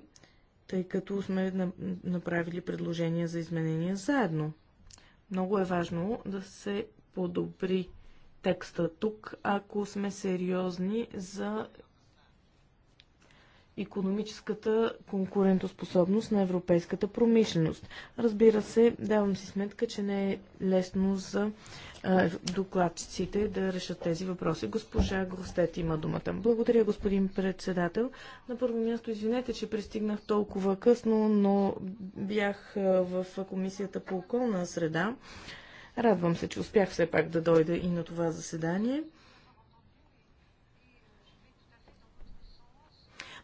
Speaker 1: тъй като сме направили предложения за изменения заедно. Много е важно да се подобри текста тук, ако сме сериозни за економическата конкурентоспособност на европейската промишленост. Разбира се, давам си сметка, че не е лесно за докладчиците да решат тези въпроси. Госпожа Гростет има думата. Благодаря, господин председател. На първо място, извинете, че пристигнах толкова късно, но бях в Комисията по околна среда. Радвам се, че успях все пак да дойда и на това заседание.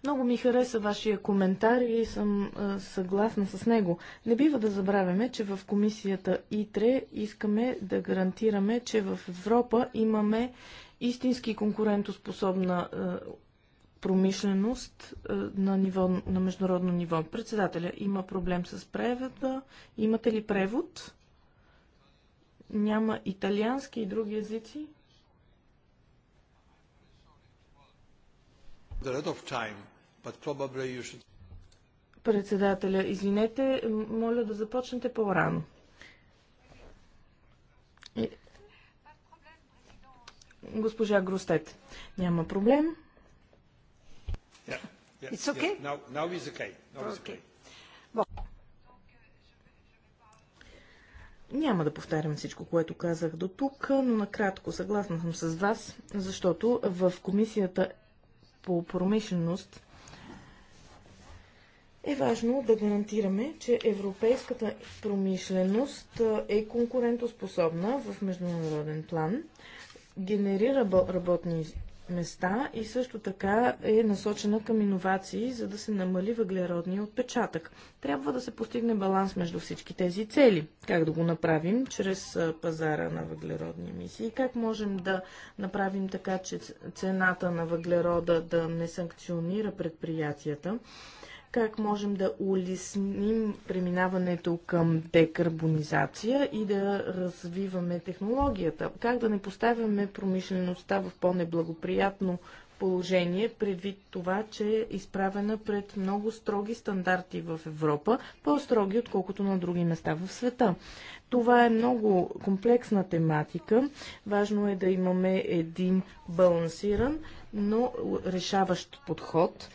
Speaker 1: Много ми хареса вашия коментар и съм съгласна с него. Не бива да забравяме, че в комисията ИТРЕ искаме да гарантираме, че в Европа имаме истински конкурентоспособна промишленост на, ниво, на международно ниво. Председателя, има проблем с превода. Имате ли превод? Няма италиански и други езици? the lot of time Председателя, извинете, моля да започнете по-рано. Госпожа Грустет, няма проблем. Няма да повтарям всичко, което казах до тук, но накратко съгласна съм с вас, защото в комисията по промишленост е важно да гарантираме, че европейската промишленост е конкурентоспособна в международен план, генерира работни места и също така е насочена към иновации, за да се намали въглеродния отпечатък. Трябва да се постигне баланс между всички тези цели. Как да го направим чрез пазара на въглеродни емисии? Как можем да направим така, че цената на въглерода да не санкционира предприятията? как можем да улесним преминаването към декарбонизация и да развиваме технологията, как да не поставяме промишлеността в по-неблагоприятно положение, предвид това, че е изправена пред много строги стандарти в Европа, по-строги отколкото на други места в света. Това е много комплексна тематика. Важно е да имаме един балансиран, но решаващ подход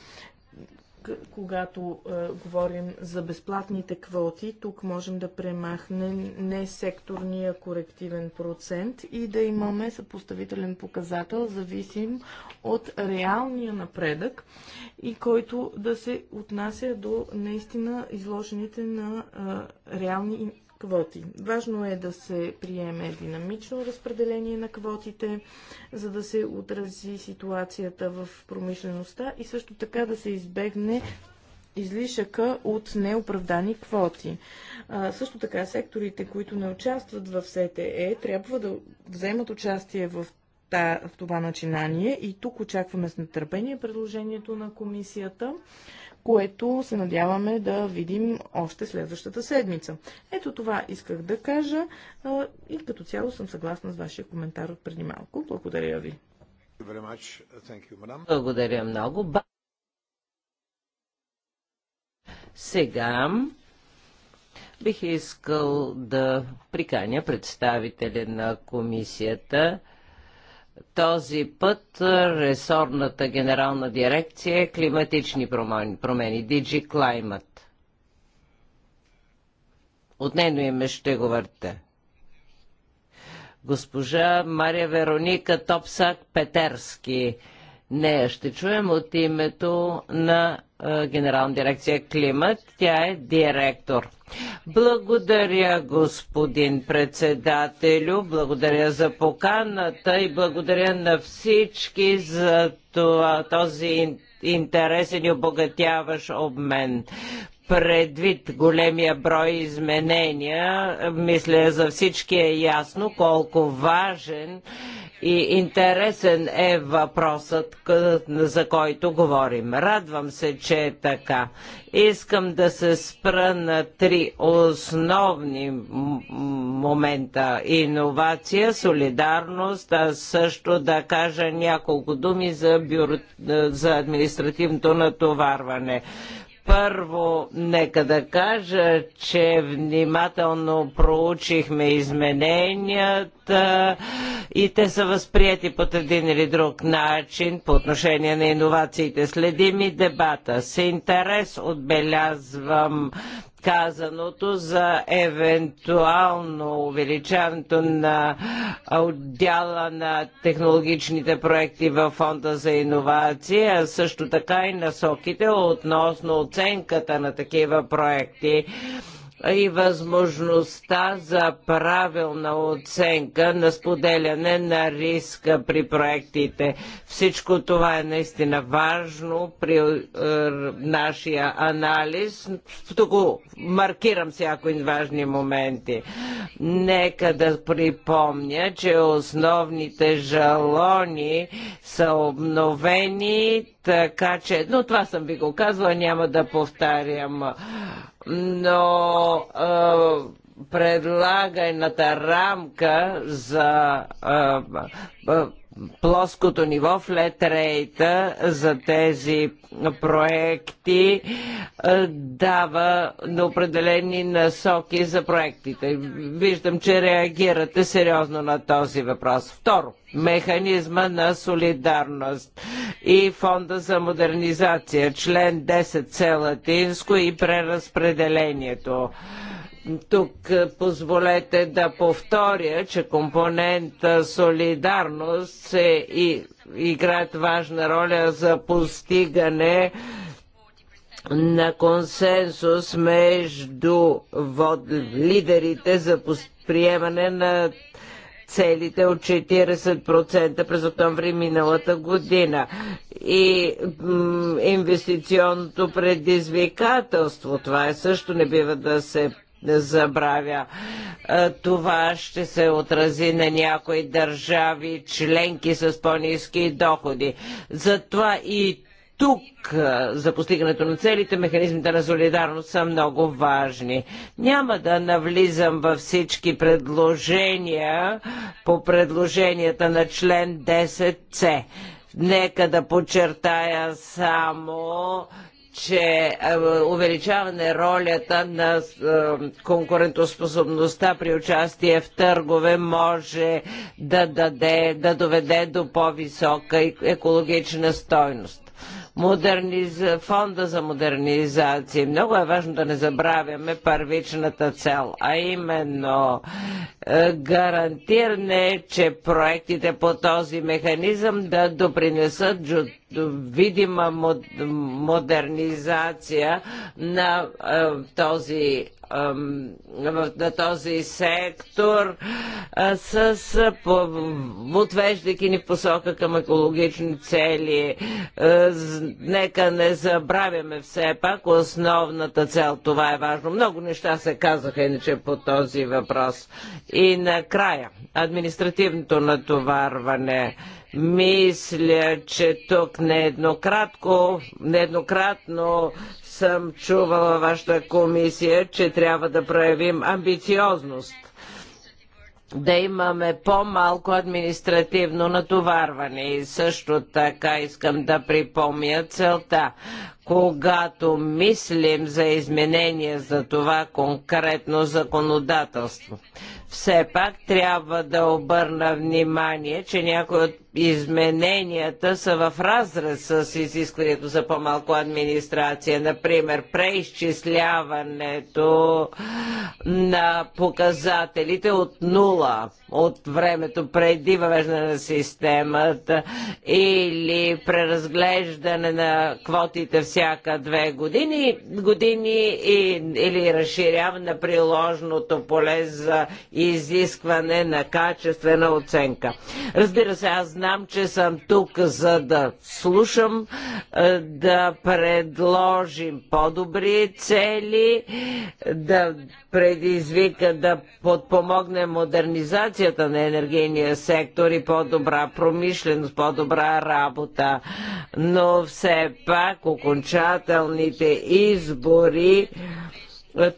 Speaker 1: когато е, говорим за безплатните квоти, тук можем да премахнем не секторния корективен процент и да имаме съпоставителен показател, зависим от реалния напредък и който да се отнася до наистина изложените на е, реални квоти. Важно е да се приеме динамично разпределение на квотите, за да се отрази ситуацията в промишлеността и също така да се избегне излишъка от неоправдани квоти. А, също така секторите, които не участват в СТЕ, трябва да вземат участие в в това начинание и тук очакваме с нетърпение предложението на комисията което се надяваме да видим още следващата седмица. Ето това исках да кажа и като цяло съм съгласна с вашия коментар от преди малко.
Speaker 3: Благодаря ви. Благодаря много. Сега бих искал да приканя представителя на комисията този път ресорната генерална дирекция е климатични промени, промени DG Climate. От нейно име ще говорите. Госпожа Мария Вероника Топсак Петерски – нея ще чуем от името на Генерална дирекция Климат. Тя е директор. Благодаря, господин председателю. Благодаря за поканата и благодаря на всички за това, този интересен и обогатяващ обмен предвид големия брой изменения, мисля за всички е ясно колко важен и интересен е въпросът, за който говорим. Радвам се, че е така. Искам да се спра на три основни момента. Иновация, солидарност, а също да кажа няколко думи за, бюро... за административното натоварване. Първо, нека да кажа, че внимателно проучихме измененията и те са възприяти под един или друг начин по отношение на иновациите. Следим и дебата. С интерес отбелязвам казаното за евентуално увеличаването на отдяла на технологичните проекти в Фонда за иновация, а също така и насоките относно оценката на такива проекти и възможността за правилна оценка на споделяне на риска при проектите. Всичко това е наистина важно при е, нашия анализ. Тук маркирам всяко важни моменти. Нека да припомня, че основните жалони са обновени, така че, но това съм ви го казвала, няма да повтарям но предлаганата рамка за плоското ниво в летрейта за тези проекти е, дава на определени насоки за проектите. Виждам, че реагирате сериозно на този въпрос. Второ, механизма на солидарност и фонда за модернизация, член 10 целатинско и преразпределението. Тук е, позволете да повторя, че компонента солидарност се и, играят важна роля за постигане на консенсус между вод, лидерите за приемане на целите от 40% през октомври миналата година и инвестиционното предизвикателство. Това е също не бива да се забравя. Това ще се отрази на някои държави членки с по-низки доходи. Затова и тук за постигането на целите механизмите на солидарност са много важни. Няма да навлизам във всички предложения по предложенията на член 10c. Нека да подчертая само че увеличаване ролята на конкурентоспособността при участие в търгове може да, даде, да доведе до по-висока екологична стойност модерниз... фонда за модернизация. Много е важно да не забравяме първичната цел, а именно е, гарантиране, че проектите по този механизъм да допринесат видима модернизация на е, този на този сектор, с, отвеждайки ни посока към екологични цели. Нека не забравяме все пак основната цел. Това е важно. Много неща се казаха иначе по този въпрос. И накрая, административното натоварване. Мисля, че тук нееднократно съм чувала вашата комисия, че трябва да проявим амбициозност да имаме по-малко административно натоварване. И също така искам да припомня целта. Когато мислим за изменение за това конкретно законодателство, все пак трябва да обърна внимание, че някои от измененията са в разрез с изискването за по-малко администрация. Например, преизчисляването на показателите от нула от времето преди въвеждане на системата или преразглеждане на квотите всяка две години, години и, или разширяване на приложното поле за изискване на качествена оценка. Разбира се, аз знам, че съм тук за да слушам, е, да предложим по-добри цели, да предизвика да подпомогне модернизацията на енергийния сектор и по-добра промишленост, по-добра работа. Но все пак окончателните избори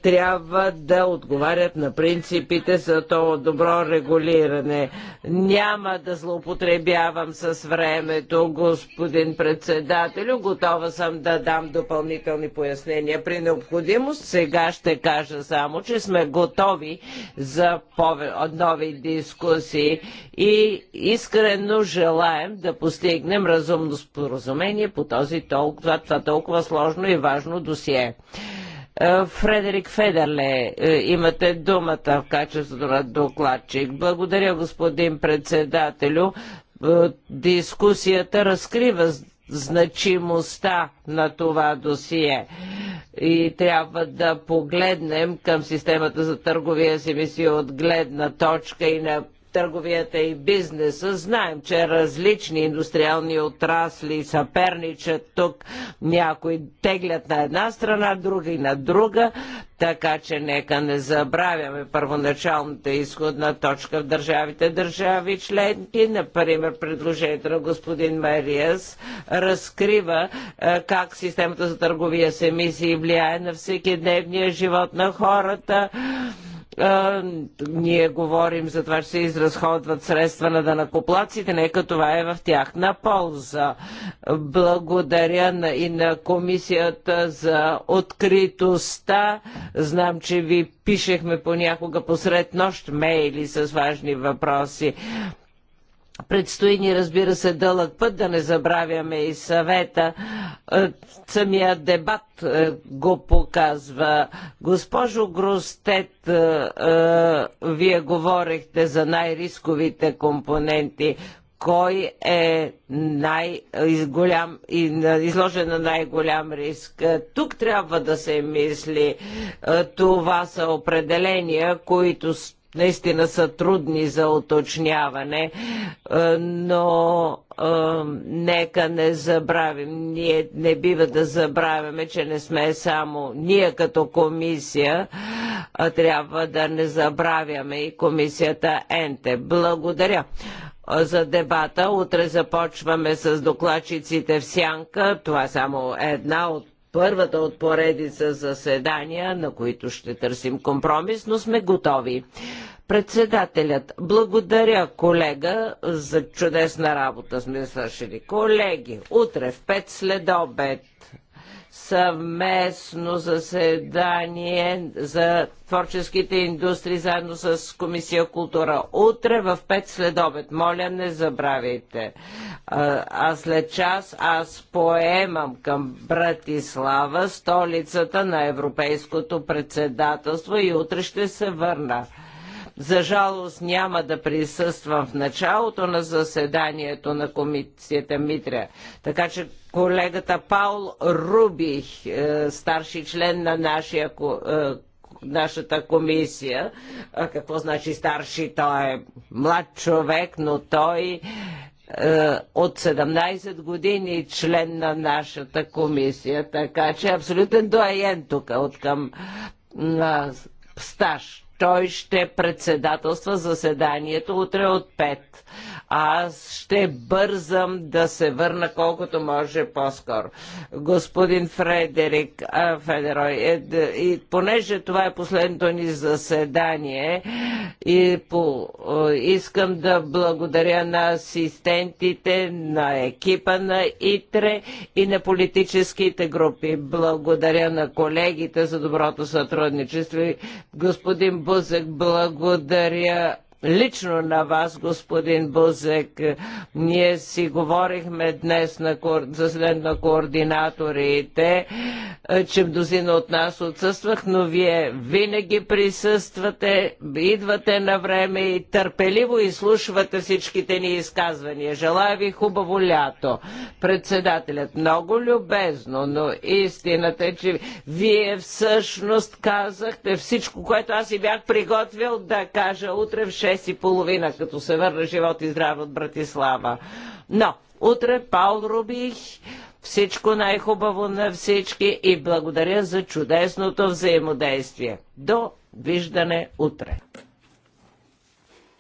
Speaker 3: трябва да отговарят на принципите за то добро регулиране. Няма да злоупотребявам с времето, господин председателю. Готова съм да дам допълнителни пояснения при необходимост. Сега ще кажа само, че сме готови за пове... нови дискусии и искрено желаем да постигнем разумно споразумение по този толкова, това толкова сложно и важно досие. Е, Фредерик Федерле, е, имате думата в качеството на докладчик. Благодаря, господин председателю. Е, дискусията разкрива значимостта на това досие. И трябва да погледнем към системата за търговия с емисии от гледна точка и на търговията и бизнеса. Знаем, че различни индустриални отрасли съперничат тук. Някои теглят на една страна, други на друга. Така че нека не забравяме първоначалната изходна точка в държавите държави членки. Например, предложението на господин Мариас разкрива е, как системата за търговия с емисии влияе на всеки дневния живот на хората. А, ние говорим за това, че се изразходват средства на данакоплаците, нека това е в тяхна полза. Благодаря на, и на комисията за откритостта. Знам, че ви пишехме понякога посред нощ мейли с важни въпроси. Предстои ни, разбира се, дълъг път, да не забравяме и съвета. Е, Самия дебат е, го показва. Госпожо Гростет, е, вие говорихте за най-рисковите компоненти кой е най-голям изложен на най-голям риск. Тук трябва да се мисли. Това са определения, които наистина са трудни за уточняване, е, но е, нека не забравим, ние не бива да забравяме, че не сме само ние като комисия, а трябва да не забравяме и комисията ЕНТЕ. Благодаря е, за дебата. Утре започваме с докладчиците в Сянка. Това е само една от първата от поредица заседания, на които ще търсим компромис, но сме готови. Председателят, благодаря колега за чудесна работа сме свършили. Колеги, утре в 5 след обед съвместно заседание за творческите индустрии заедно с Комисия култура. Утре в 5 след обед. Моля, не забравяйте. А след час аз поемам към Братислава, столицата на Европейското председателство и утре ще се върна. За жалост няма да присъствам в началото на заседанието на комисията Митря, така че колегата Паул Рубих, е, старши член на нашия е, нашата комисия. какво значи старши? Той е млад човек, но той е, от 17 години член на нашата комисия, така че абсолютен доаен тук от към стаж. Той ще председателства заседанието утре от 5. Аз ще бързам да се върна колкото може по-скоро. Господин Фредерик а, Федерой, е, и понеже това е последното ни заседание, и по, о, искам да благодаря на асистентите, на екипа на ИТРЕ и на политическите групи. Благодаря на колегите за доброто сътрудничество. Господин Бузек, благодаря лично на вас, господин Бузек. Ние си говорихме днес на ко... след на координаторите, е, че мнозина от нас отсъствах, но вие винаги присъствате, идвате на време и търпеливо изслушвате всичките ни изказвания. Желая ви хубаво лято. Председателят много любезно, но истината е, че вие всъщност казахте всичко, което аз и бях приготвил да кажа утре в 6 половина, като се върна живот и здраве от Братислава. Но, утре Паул Рубих, всичко най-хубаво на всички и благодаря за чудесното взаимодействие. До виждане утре!